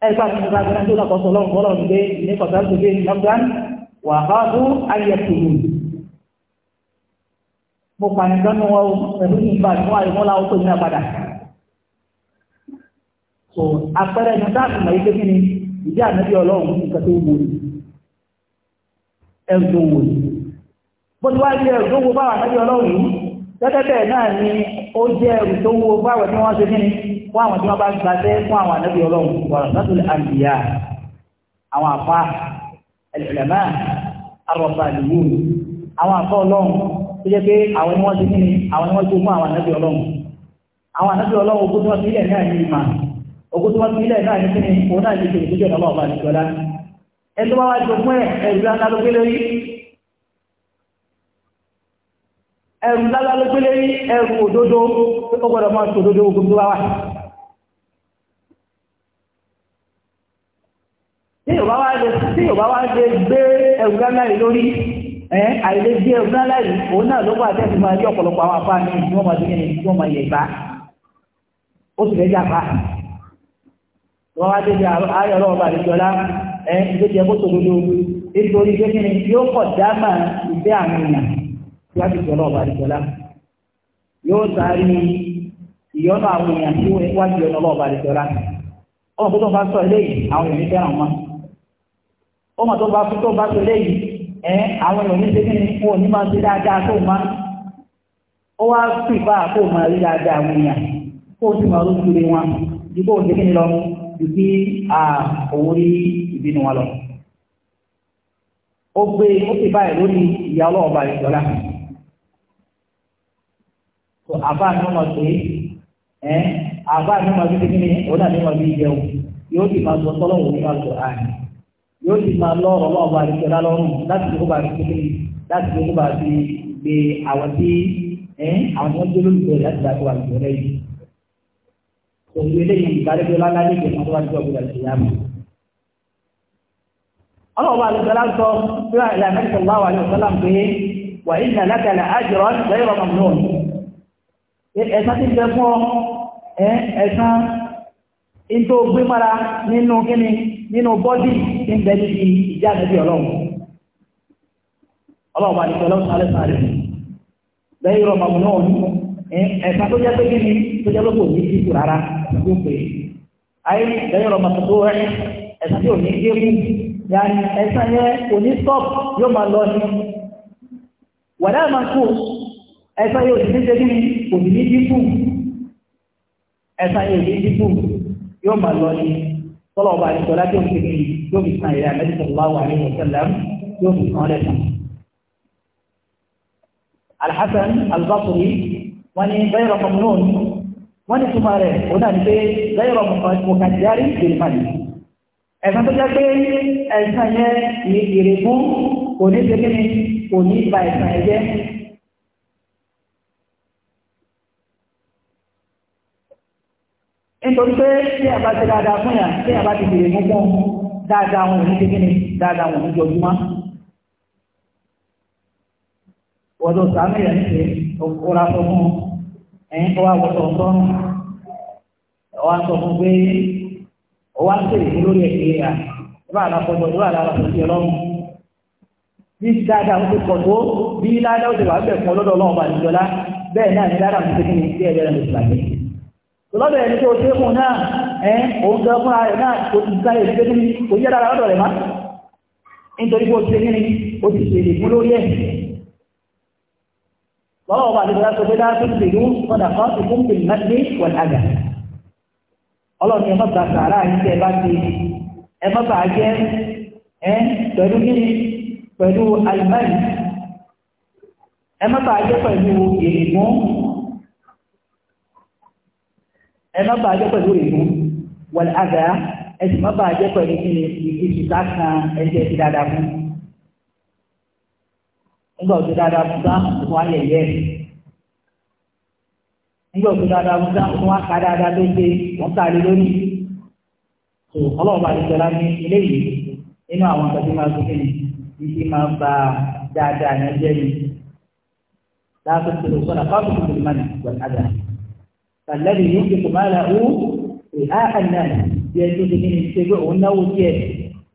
ẹgbà tí ó bá gbẹ́nà tó lọ́kọ̀ sọ lọ́wọ́ bọ́lọ̀ nígbé ní kọ̀tà tó gbé lọ́gbàn wà á bú ayẹ̀kùnrin mo pààyàn kan ní wọn pẹ̀lú ìgbà tí wọ́n àyẹ̀wò láwọn tó ní àpàdà so àpẹẹrẹ ní sáàtì mọ̀ ike kíni ìdí ànábì ọlọ́run nǹkan tó wù ní ẹrù tó wù ní bó ti wá ilé ẹrù tó wù báwọn ànábì ọlọ́run yìí gẹ́gẹ́ bẹ́ẹ̀ náà ni ó jẹ́ ẹrù tó wó báwẹ̀ tí wọ́n ṣe kí ni fún àwọn tí wọ́n bá gbàtẹ́ fún àwọn ànábì ọlọ́run wọ̀rọ̀ sátúlù àbíyá àwọn àfa ẹ̀lẹ́mà àrọ̀fà àdìgbò àwọn àfa ọlọ́run tó jẹ́ pé àwọn ni wọ́n ṣe kí ni àwọn ni wọ́n ṣe mú àwọn ànábì ọlọ́run àwọn ànábì ọlọ́run ogún tí wọ́n fi ilẹ̀ náà ní ìmà ogún ọlọ́run ẹrù lálá ló gbélé rí ẹrù òdodo ó gbọ́dọ̀ máa sọ gbogbo wa wà. tí yóò bá wá lè tí yóò bá wá lè gbé ẹrù lálá yìí lórí ẹ àìlè gbé ẹrù lálá yìí òun náà ló bá tẹ̀sí máa rí ọ̀pọ̀lọpọ̀ àwọn afá mi tí máa ní máa ó sì wọ́n wá ayọ̀ lọ́wọ́ bá ẹ nítorí tí wọ́n ti jọ lọ́ọ̀bà àdìjọ́lá yóò sáré ìyọ́nà àwọn èèyàn tí wọ́n ti yọ̀nà lọ́ọ̀bà àdìjọ́lá ọmọ tó tó bá sọ eléyìí àwọn èèyàn fẹ́ràn wọn ọmọ tó bá tó bá sọ eléyìí ẹ àwọn èèyàn ní sẹ́kẹ́ ní fún òní máa ṣe dáadáa máa tó àbá ni wọ́n máa pè é ẹ́ àbá ni wọ́n máa fi kékeré òun náà ni wọ́n fi jẹun yóò sì máa sọ tọ́lọ́wọ́ nínú àgbọ̀ àná yóò sì máa lọ́rọ̀ lọ́wọ́ bá àdìsẹ́ lálọ́rùn láti fi kó bá àdìsẹ́ kékeré láti fi kó bá àti gbé àwọn tí ẹ́ àwọn tí wọ́n gbé lórí ìgbẹ́ láti dàgbà àdìsẹ́ rẹ̀ yìí. òun eléyìí ìgbàlejò lálẹ́ ìgbẹ́ wọn wá jọ gbọdọ̀ sí yàrá ọlọ́ọ̀bá alẹ́sọ̀lá ń sọ fúra ìlànà ìṣọ̀lá wà ní ọ̀sọ́lá ń pè é wà ní ìlànà kàlà ájọ́ lẹ́yìn ọmọ mìíràn ẹ̀sán ti jẹ fún ọ ẹ̀sán in tó gbé mara nínú kíni nínú bọ́dì ní bẹ ní ìjà àgbẹ̀bí ọlọ́run ọlọ́run àti ọlọ́run sálẹ̀ sálẹ̀ bẹ́ẹ̀ yọrọ màmú náà ní ẹ̀sán tó jẹ́ pé kíni tó jẹ́ lóko ní títù rárá tó pè é ayé bẹ́ẹ̀ yọrọ màmú tó ẹ̀sán tí ò ní gé mú yàrá ẹ̀sán yẹn kò ní stop yóò máa lọ ní wàdà ẹ̀sán yóò ti ní kò ní dínkù ẹ̀sán yóò ní dínkù yóò máa lọ ní tọ́lọ̀ ọba àti tọ́lá tó ń pè ní yóò fi san ìrẹ́ àmẹ́tí sọ̀rọ̀ láwà ní ìwọ̀sẹ̀lẹ̀m yóò fi san lẹ́sàn. alhassan albasri wọ́n ní bẹ́ẹ̀ rọ̀ mọ́mọ́n wọ́n ní túmọ̀ rẹ̀ ó dà ní pé bẹ́ẹ̀ rọ̀ mọ́kàdíárì jèrèmánì ẹ̀sán tó jẹ́ pé ẹ̀sán yẹn ìrègùn kò ní ṣe kí nítorí pé tí a bá ti dáadáa fún yàn tí a bá ti bèrè fún fún dáadáa wọn ní kékeré dáadáa wọn ní jọjúmọ́ wọ́n tó sàmì yẹn ṣe ọkọ̀ra tó fún ẹ̀yìn tó wà wọ́tọ̀ ọ̀tọ́rùn ọwá sọ fún pé ọwá sèrè fún lórí ẹ̀kẹ́ yà ìbá àlàkọ̀jọ ìbá àlàkọ̀jọ ti ọlọ́run bí dáadáa wọn ti kọ̀ tó bí ládàá ó ti wà bẹ̀ fún ọlọ́dọ̀ ọlọ́run bá ti jọlá bẹ́ẹ̀ náà ni lọ́dọ̀ ẹni tó ṣe fún náà ẹ́ òun tẹ́ fún ààrẹ náà kò ti sáré ìgbé ní kò yẹ́ dára lọ́dọ̀ rẹ̀ má nítorí kò ṣe nínú ó ti ṣe lórí ẹ̀ lọ́wọ́ tó fẹ́ dá tó ti rú ọ̀dà kan ti fún pèlú wọ̀n àgà sàárà yìí tẹ́ bá ti jẹ́ pẹ̀lú pẹ̀lú jẹ́ pẹ̀lú ẹ má bàa jẹ́ pẹ̀lú ìlú wọlé àgá ẹ sì má jẹ́ pẹ̀lú kí ni ìdíjì dada ẹ̀jẹ̀ ti dáadáa fún nígbà òtún dáadáa fún dada fún ayẹyẹ nígbà òtún dáadáa fún aka dáadáa tó wọn ká lé lórí tó ọlọ́run ti sọlá ní eléyìí nínú àwọn máa máa dáadáa sọ̀rọ̀ fáwọn pàlẹ́bí yóò fi kò máa làwù ìhá àná bí ẹni tó ti kíni ṣe pé òun náwó díẹ̀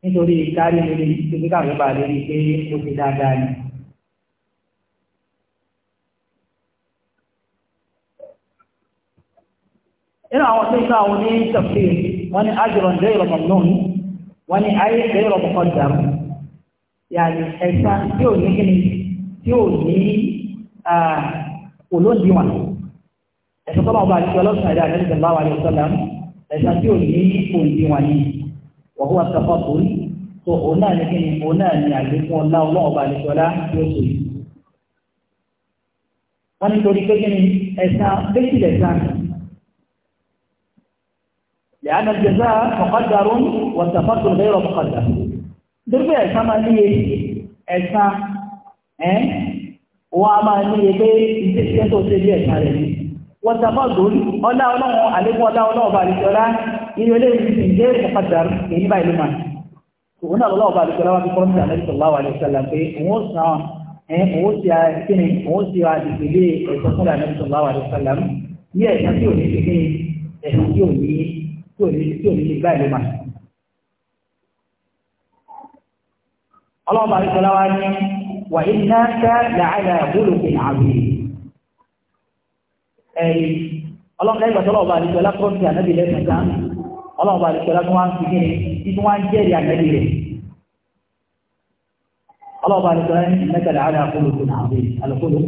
nítorí kárí lórí títí káwọn bá lórí pé ó fi dáadáa ni. inú àwọn tó ń sọ àwọn ní tafsir wọn ni ajrun ghayra mamnun wọn ni ayé ghayra muqaddar yàrá ẹ̀sán tí ò ní kíni tí ò ní olódiwọ̀n ẹ̀sọ́ tọ́lá ọba àti ọlọ́sùn àìdá àti ẹ̀sẹ̀ báwa àti ọ̀sọ́lá ẹ̀sà tí ò ní òǹdí wọn ni wọ́n wá sọ́kọ́ torí tó òun náà ní kíni òun náà ní àlékún ọlá ọlọ́ọ̀ba àti ọlá tí ó sòrí. wọ́n ní torí pé kíni ẹ̀sà méjì lẹ̀sà لأن الجزاء مقدر والتفضل غير مقدر. دربي أسا ما ليه أسا إيه؟ وأما ليه بي إنت سيادة وسيدي أسا ليه wọ́tàfọ́dùn ọlá ọlọ́run àlékún ọlá ọlọ́ọ̀bà àríṣọ́lá inú ilé ìrìsìn jẹ́ ìpàdàr èyí bá ìlú màá òun náà ọlọ́ọ̀bà àríṣọ́lá wá fi kọ́mí àlẹ́sọ̀láwà àlẹ́sọ̀lá pé òun sàn ẹn ní ẹ̀sán ní kíni ẹ̀sán tí ò ní ẹ̀rí ọlọ́pàá ìgbà tọ́lọ̀ ọba àdìsọ́lá kọ́ọ̀tì ànábì lẹ́sìn kan ọlọ́pàá ọba àdìsọ́lá tó wá ń fi kíni títí jẹ́rìí ànábì rẹ̀ ọlọ́pàá àdìsọ́lá ní àkóló tó nà áwé àlùkóló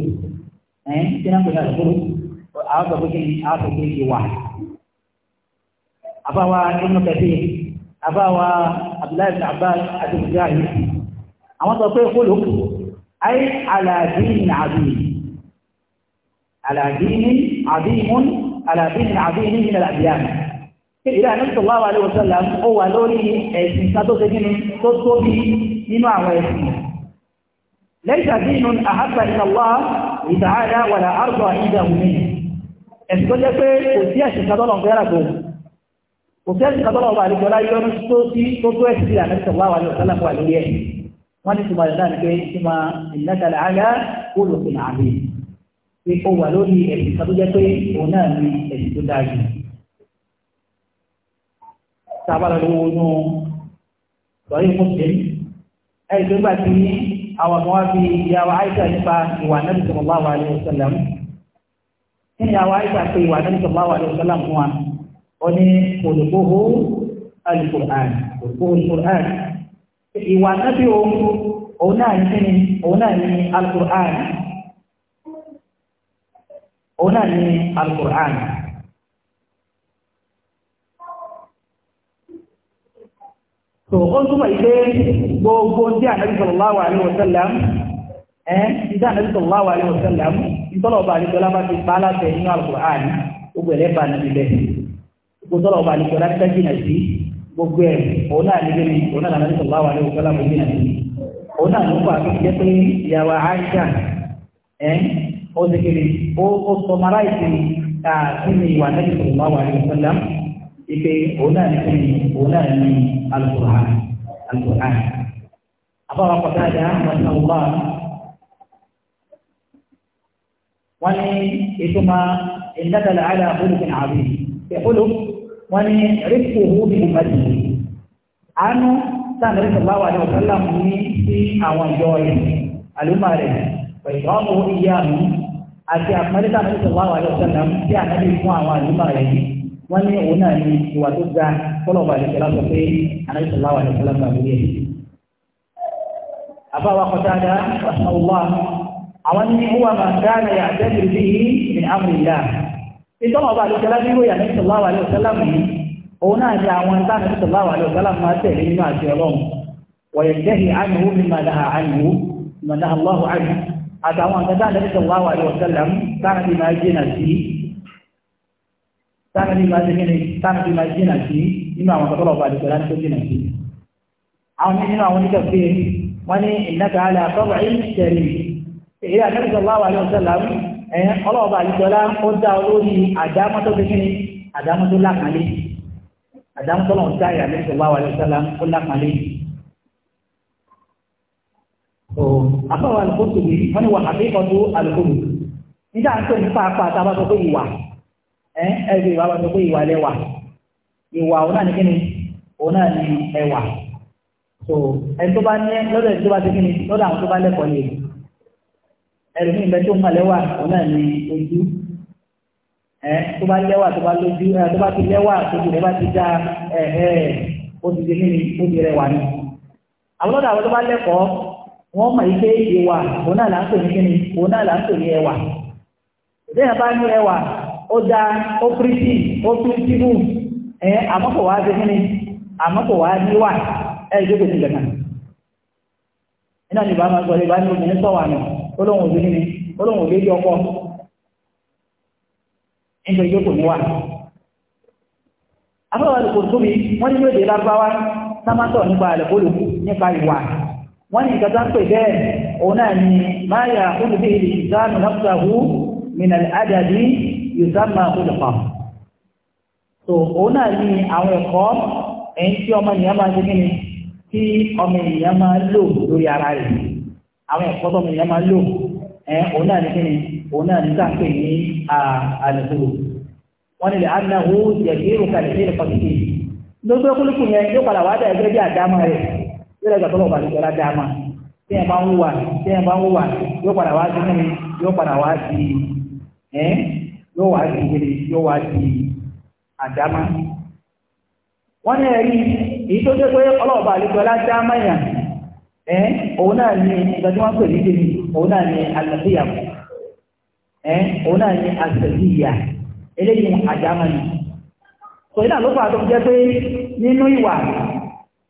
pèlè àlùkóló àwọn kí wà. àbáwa inú àbáwa abdullahi àti على دين عظيم على دين عظيم من الأديان إلى نفس الله عليه وسلم هو لوري إسم ساتو سجن تصوبي من ليس دين أحب إلى الله تعالى ولا أرضى عنده منه ẹ̀sùn jẹ́ pé kò sí ẹ̀sìn kàtọ́lọ̀ fẹ́ ràgbò kò sí ẹ̀sìn kàtọ́lọ̀ wà ní jọlá yọ́nú tó sí tó tó ẹ̀sìn sí àmẹ́sì wà wà ní ọ̀sán lápò ẹ̀ wọ́n ní túnmọ̀ rẹ̀ ní pé ìtumọ̀ ìlẹ́kàlẹ̀ àgá kó lòkùn àbí pé ó wà lórí ẹ̀sìn kan tó jẹ́ pé òun náà ní ẹ̀sìn tó dáa jù. sábà lọ lówó inú lọ́rí mùsùlùmí ẹ̀rí tó gbà tí àwọn ọmọ wa fi ìyá wa àìsà nípa ìwà náà sọ̀rọ̀ wá wà ní ọ̀sẹ̀lẹ̀ mú. kí ni àwọn àìsà pé ìwà náà sọ̀rọ̀ wá wà ní ọ̀sẹ̀lẹ̀ mú wa? ó ní olùkóhó alukur'an olùkóhó alukur'an ìwà náà bí òun òun náà ní òun náà ní alukur'an Ona náà Al alukur'an so on kuma gbogbo ndị ànábì sallallahu alaihi wasallam ẹ́ ndị ànábì sallallahu alaihi wasallam ìtọ́lọ̀ọba àdìsọ́lá bá ti bá láti nínú alukur'an gbogbo ẹ̀lẹ́bà nàbí bẹ́ẹ̀ gbogbo tọ́lọ̀ọba àdìsọ́lá gbogbo ẹ̀ ona n'i ní lórí ona náà sallallahu alaihi wasallam ó ti kiri ó sọmara ìpè nínú ìwà nẹ́bí sọ̀rọ̀ wà ní ìsọ̀lá ìpè òun náà ní kíni òun náà ní al-Qur'an al-Qur'an. àbáwọ̀ kọ̀tà àjà wọn náà wà wọ́n ní ìtumọ̀ ìdádàlà àlà olùkìn àbí ìpolú wọ́n ní rífù òhùbí ìmọ̀jì àánú sáà nẹ́bí sọ̀rọ̀ wà ní ìsọ̀lá ní sí àwọn ìjọ rẹ̀ àlùmọ̀ rẹ̀ pẹ̀lú ọmọ ìyá mi àti àpẹẹrẹta àti ìṣẹ̀wá wà lọ sẹ́nà tí ànábì fún àwọn àdúgbò rẹ̀ yìí wọ́n ní òun náà ní ìwà tó ga kọ́lọ̀bù àdìsẹ́lá sọ pé ànábì sọ̀lá wà lọ́sẹ̀lá gbà lórí ẹ̀. àbá wa kọjá dá ọ̀sán wà àwọn ní wà máa dáná yà dẹ́kun bí i ní amúlíyà. ìtọ́nà ọba àdìsẹ́lá bí wòye ànábì sọ̀lá wà lọ́sẹ̀lá mi òun náà ní àwọn táàbì wà lọ́sẹ̀lá máa àtàwọn àgbàdá àdẹ́sẹ̀ wà wà yọ sẹ́lẹ̀m tánàbí máa jìnà sí tánàbí máa jìnà tánàbí máa jìnà sí nínú àwọn tọ́lọ̀ ọba àdìsẹ̀ láti tó jìnà sí. àwọn nínú àwọn oníkà pé wọ́n ní ìnáka alẹ́ àtọ́wà ìlú tẹ̀lé èyí àdẹ́sẹ̀ wà wà yọ sẹ́lẹ̀m ẹ̀yẹ ọlọ́ọ̀ba àdìsẹ̀lá ó dá olórí àdámọ́tò kékeré àdámọ́tò lákàlẹ́ àdámọ́tò lọ́n àfọwọ́ alùpùpù mi wọ́n ní wà àbí ọdún alùpùpù nígbà tó ní pàápàá tá a bá sọ pé ìwà ẹ ẹ bí ìwà bá sọ pé ìwà lẹ́wà ìwà òun náà ní kíni òun náà ní ẹwà so ẹni tó bá ní lọ́dọ̀ ẹni tó bá ti kíni lọ́dọ̀ àwọn tó bá lẹ́kọ̀ọ́ ni ẹni ní ìbẹ́ tó ń malẹ́wà òun náà ní ojú ẹ tó bá lẹ́wà tó bá lójú ẹ tó bá ti lẹ́wà tó ti rẹ̀ bá ti dá ẹ ẹ ó ti di kíni ó ti rẹwà ni àwọn lọ́dọ̀ àwọn tó bá lẹ́kọ̀ọ́ wọ́n mọ̀ ike ìwà òun náà là ń pè ní kíni òun náà là ń pè ní ẹwà ìdẹ́yìn bá ní ẹwà ó da ó pírísì ó pírísìbù ẹ wá sí kíni wá ní wà ẹ sí iná ní ìbámu ìbá ní obìnrin sọ̀wà nù ó lóun òbí kíni ó lóun òbí nígbà ní wà. afọwọ́ àlùkò tóbi wọ́n ní lágbáwá sámátọ̀ nípa àlùkò lòkù nípa ìwà wọ́n ní ìkàtà ń pè bẹ́ẹ̀ òun náà ni máa yà kúrò bí ilé ìsánù lọ́pùtàwù mìnàlì àdàdì yùsánmà olùkọ́ so òun náà ni àwọn ẹ̀kọ́ ẹ̀yìn tí ọmọ ènìyàn máa ṣe kí tí ọmọ ènìyàn máa lò lórí ara rẹ̀ àwọn ẹ̀kọ́ tọmọ ènìyàn máa lò ẹ̀ òun náà ni kí òun náà ni tá ń pè ní àlùkùrù wọ́n ní lè ánà wó jẹ̀dí ìrùkàlẹ̀ sí ìrùkàlẹ̀ yóò lọ́jọ́ tọ́lọ́ balẹ̀ jọra dáa ma tí ẹ̀ bá ń wà tí ẹ̀ bá ń wà yóò padà wá sí mímu yóò padà wá sí ẹ̀ yóò wá sí ìdílé yóò wá sí àdámá. wọ́n ní ẹ̀rí èyí tó dé pé ọlọ́ọ̀bà àlejòlá dá mẹ́yàn ẹ̀ òun náà ní ìgbà tí wọ́n pè ní débi òun náà ní àlàfíà ẹ̀ òun náà ní àṣẹ̀líyà eléyìí àdámá ni. sọ̀rọ̀ náà ló fà á tó jẹ́ pé nínú ìwà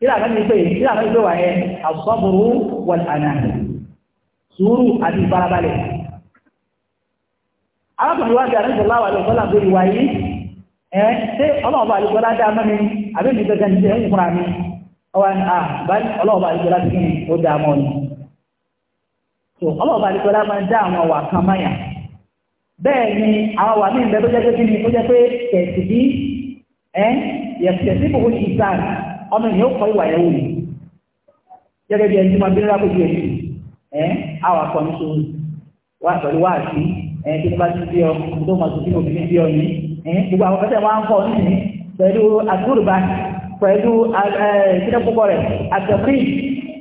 kílà kan ní pé kílà kan ní pé wà yẹ àsọ́bùrú wọ̀n àná sùúrù àti ìfarabalẹ̀. arákùnrin wa bí àrẹ́sọ̀lá wà lọ́wọ́ sọ́là lórí wa yìí ẹ ṣé ọlọ́ọ̀bà àlùkọ́lá dá mọ́ mi àbí mi gẹ́gẹ́ ní ṣe ń fúnra mi ọwọ́ ni à báyìí ọlọ́ọ̀bà àlùkọ́lá ti kí ni ó dá mọ́ ni. tó ọlọ́ọ̀bà àlùkọ́lá máa ń dá àwọn wà kan máyà bẹ́ẹ̀ ni àwọn wà ní ìgbẹ́ tó jẹ́ pé kí ni ó jẹ́ pé tẹ̀sí bí ẹ yẹ̀sẹ̀ ọmọ ènìyàn ó kọ́ ìwà ẹ̀wù ni gẹ́gẹ́ bí ẹni tí máa bí rárá kojú ẹ̀sìn ẹ̀ àwọn akọ ní sóòrù wá pẹ̀lú wá sí ẹ̀ kí ni bá ti bí ọ tó máa tún sínú òbí bí ọ ní ẹ̀ gbogbo àwọn kẹsẹ̀ wá ń kọ́ nísìnyí pẹ̀lú àgbòrùbá pẹ̀lú ìdílẹ́pọ̀pọ̀ rẹ̀ àtẹ̀frí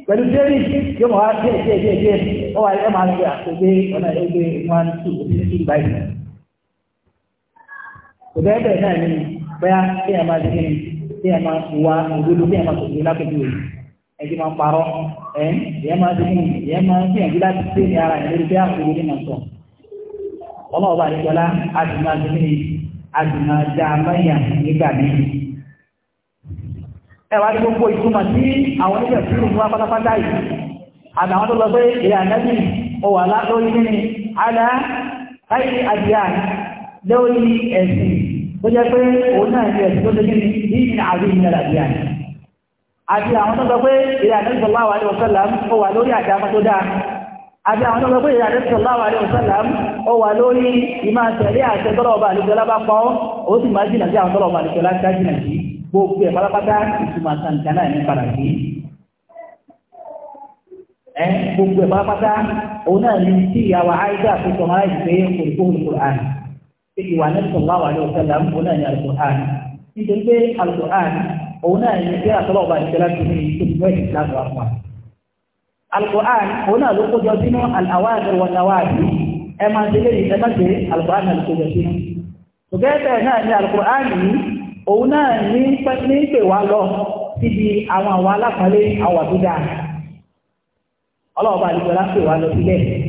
pẹ̀lú dẹ́rì yóò máa díẹ̀ díẹ̀ díẹ̀ díẹ̀ ó wà ẹ̀ máa ń gbé àtẹ̀gbé ọ̀nà ẹgbẹ́ wọn tù òbí ní tìǹbà yìí. òbẹ́ẹ̀bẹ̀ náà ni bẹ́ẹ̀ kí ẹ máa dín tí ẹ máa fi wá òdodo tí ẹ máa tòkè lápẹjù rẹ ẹ ti máa parọ́ ẹ ẹ máa ti ní ẹ máa gbìyànjú láti tẹ ní ara ẹ lórí bí àkókò ní màá sọ ọlọ́ọ̀bá àdìjọlá a sì máa ti ní a sì máa dá a máa yàn nígbà míì ẹ wá ní gbogbo ìtumọ̀ sí àwọn oníbẹ̀ fún ìlú yìí àtàwọn tó lọ pé èyà nẹ́bì ó wà lórí nínú àdá láì tó jẹ́ pé òun náà ní ẹ̀sìn tó ṣe kíni ní ìrìn àrí ìrìn àlàbíà àti àwọn tó sọ pé ìrìn àdẹ́sì sallallahu alaihi wasallam ó wà lórí àdámọ́ tó dáa àti àwọn tó sọ pé ìrìn àdẹ́sì sallallahu alaihi wasallam ó wà lórí ìmá tẹ̀lé àṣẹ tọ́lọ̀ ọba àlùfẹ́ lábá pọ́ ó sì máa jìnà sí àwọn tọ́lọ̀ ọba àlùfẹ́ láti jìnà sí gbogbo ẹ̀ pátápátá ìtumọ̀ àtàǹkà náà ní padà sí ẹ gbogbo ẹ̀ pátápátá ìwà nẹ́sọ̀lá wà ní ọ̀sẹ̀ làm òun náà ní alukur'an nítorí pé alukur'an òun náà ní bí àtọ́lọ́ ọba ìṣẹ́lá ti ní ìṣèlú ẹ̀sìn láti wà fún wa. alukur'an òun náà ló kójọ sínú àwáàdì wọn náwáàdì ẹ máa ṣe lè ṣe máṣe alukur'an náà ló kójọ sínú. tùgẹ́tẹ̀ náà ní alukur'an yìí òun náà ní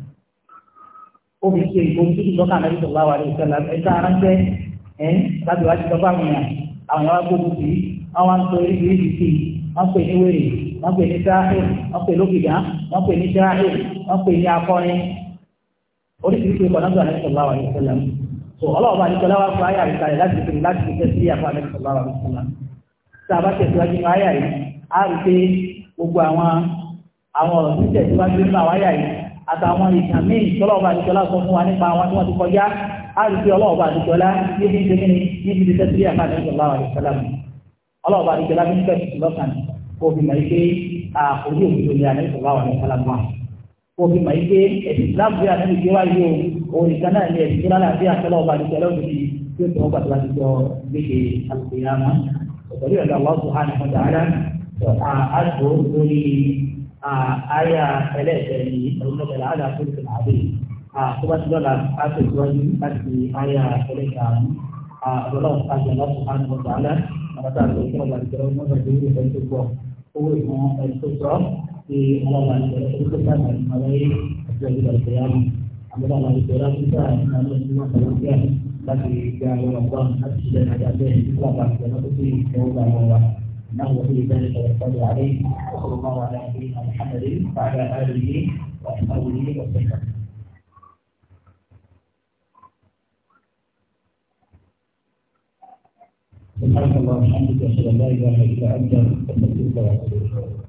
ó fi ṣe ìgbóhùn lọ́kàn àmì ìṣọ̀lá wa lóṣù ọ̀la ẹ̀ta aránṣẹ́ ẹ̀ láti wá ti sọ fáwọn èèyàn àwọn ará gbogbo sí àwọn ń sọ oríṣiríṣi sí i wọ́n pè ní wèrè wọ́n pè ní sáàhì wọ́n pè lókìdá wọ́n pè ní sáàhì wọ́n pè ní akọrin oríṣiríṣi ìkọ̀ náà àmì ìṣọ̀lá so ọlọ́ọ̀bá ní kọlá wa fún ayé àríkàlẹ̀ láti fi láti fi tẹ́sí àfọ àmì ìṣọ̀lá wa lóṣù ọ̀la tá a bá tẹ̀síwájú ní ayé àwọn àwọn ọ̀rọ̀ àtàwọn ìtàn míì tọ́lọ́ọ̀bà àdìjọ́lá sọ fún wa nípa àwọn tí wọ́n ti kọjá á rí pé ọlọ́ọ̀bà àdìjọ́lá níbi ìṣe kíni níbi ìṣe tẹ́sílẹ̀ àfàdéjọba àdìjọ́lá mi ọlọ́ọ̀bà àdìjọ́lá fi ń fẹ́ tuntun lọ́kàn kó fi mọ̀ ike àkórí òdodo ni àdìjọba islam bí àdìjọ́ gbé wá yóò òun nìkan náà ni ẹ̀sìn gbé lálẹ́ àti àtọ́lọ́ọ̀bà àdìjọ́lá òdì tí ó tọ́ gbàdúrà àdìjọ́ gbèsè àlùkò yàrá mọ́ àyà ẹlẹ́ẹ̀kẹ́ yìí ọ̀rọ̀mọ̀tẹ̀lá àdá fúlùkù àbí tó bá ti lọ́la á tó síwájú láti àyà ẹlẹ́ẹ̀kẹ́ àmì ọ̀rọ̀lọ́wọ́ àti ọlọ́sùn àti ọ̀gbàlá àbátà àti òkúrò àti ìjọba ọmọdé ìlú di tó pọ̀ owó ìfún ẹni tó sọ ti ọlọ́wọ́ àti ìjọba tó sáà àti ìmọ̀lẹ́yẹ àti ọjọ́ ìgbàlùkẹ́yàmù àbúrò àwọn ìjọba انه في ذلك يقتضي عليه وصلى الله على نبينا محمد وعلى اله واصحابه وسلم سبحانك اللهم وبحمدك اشهد ان لا اله الا انت استغفرك واتوب اليك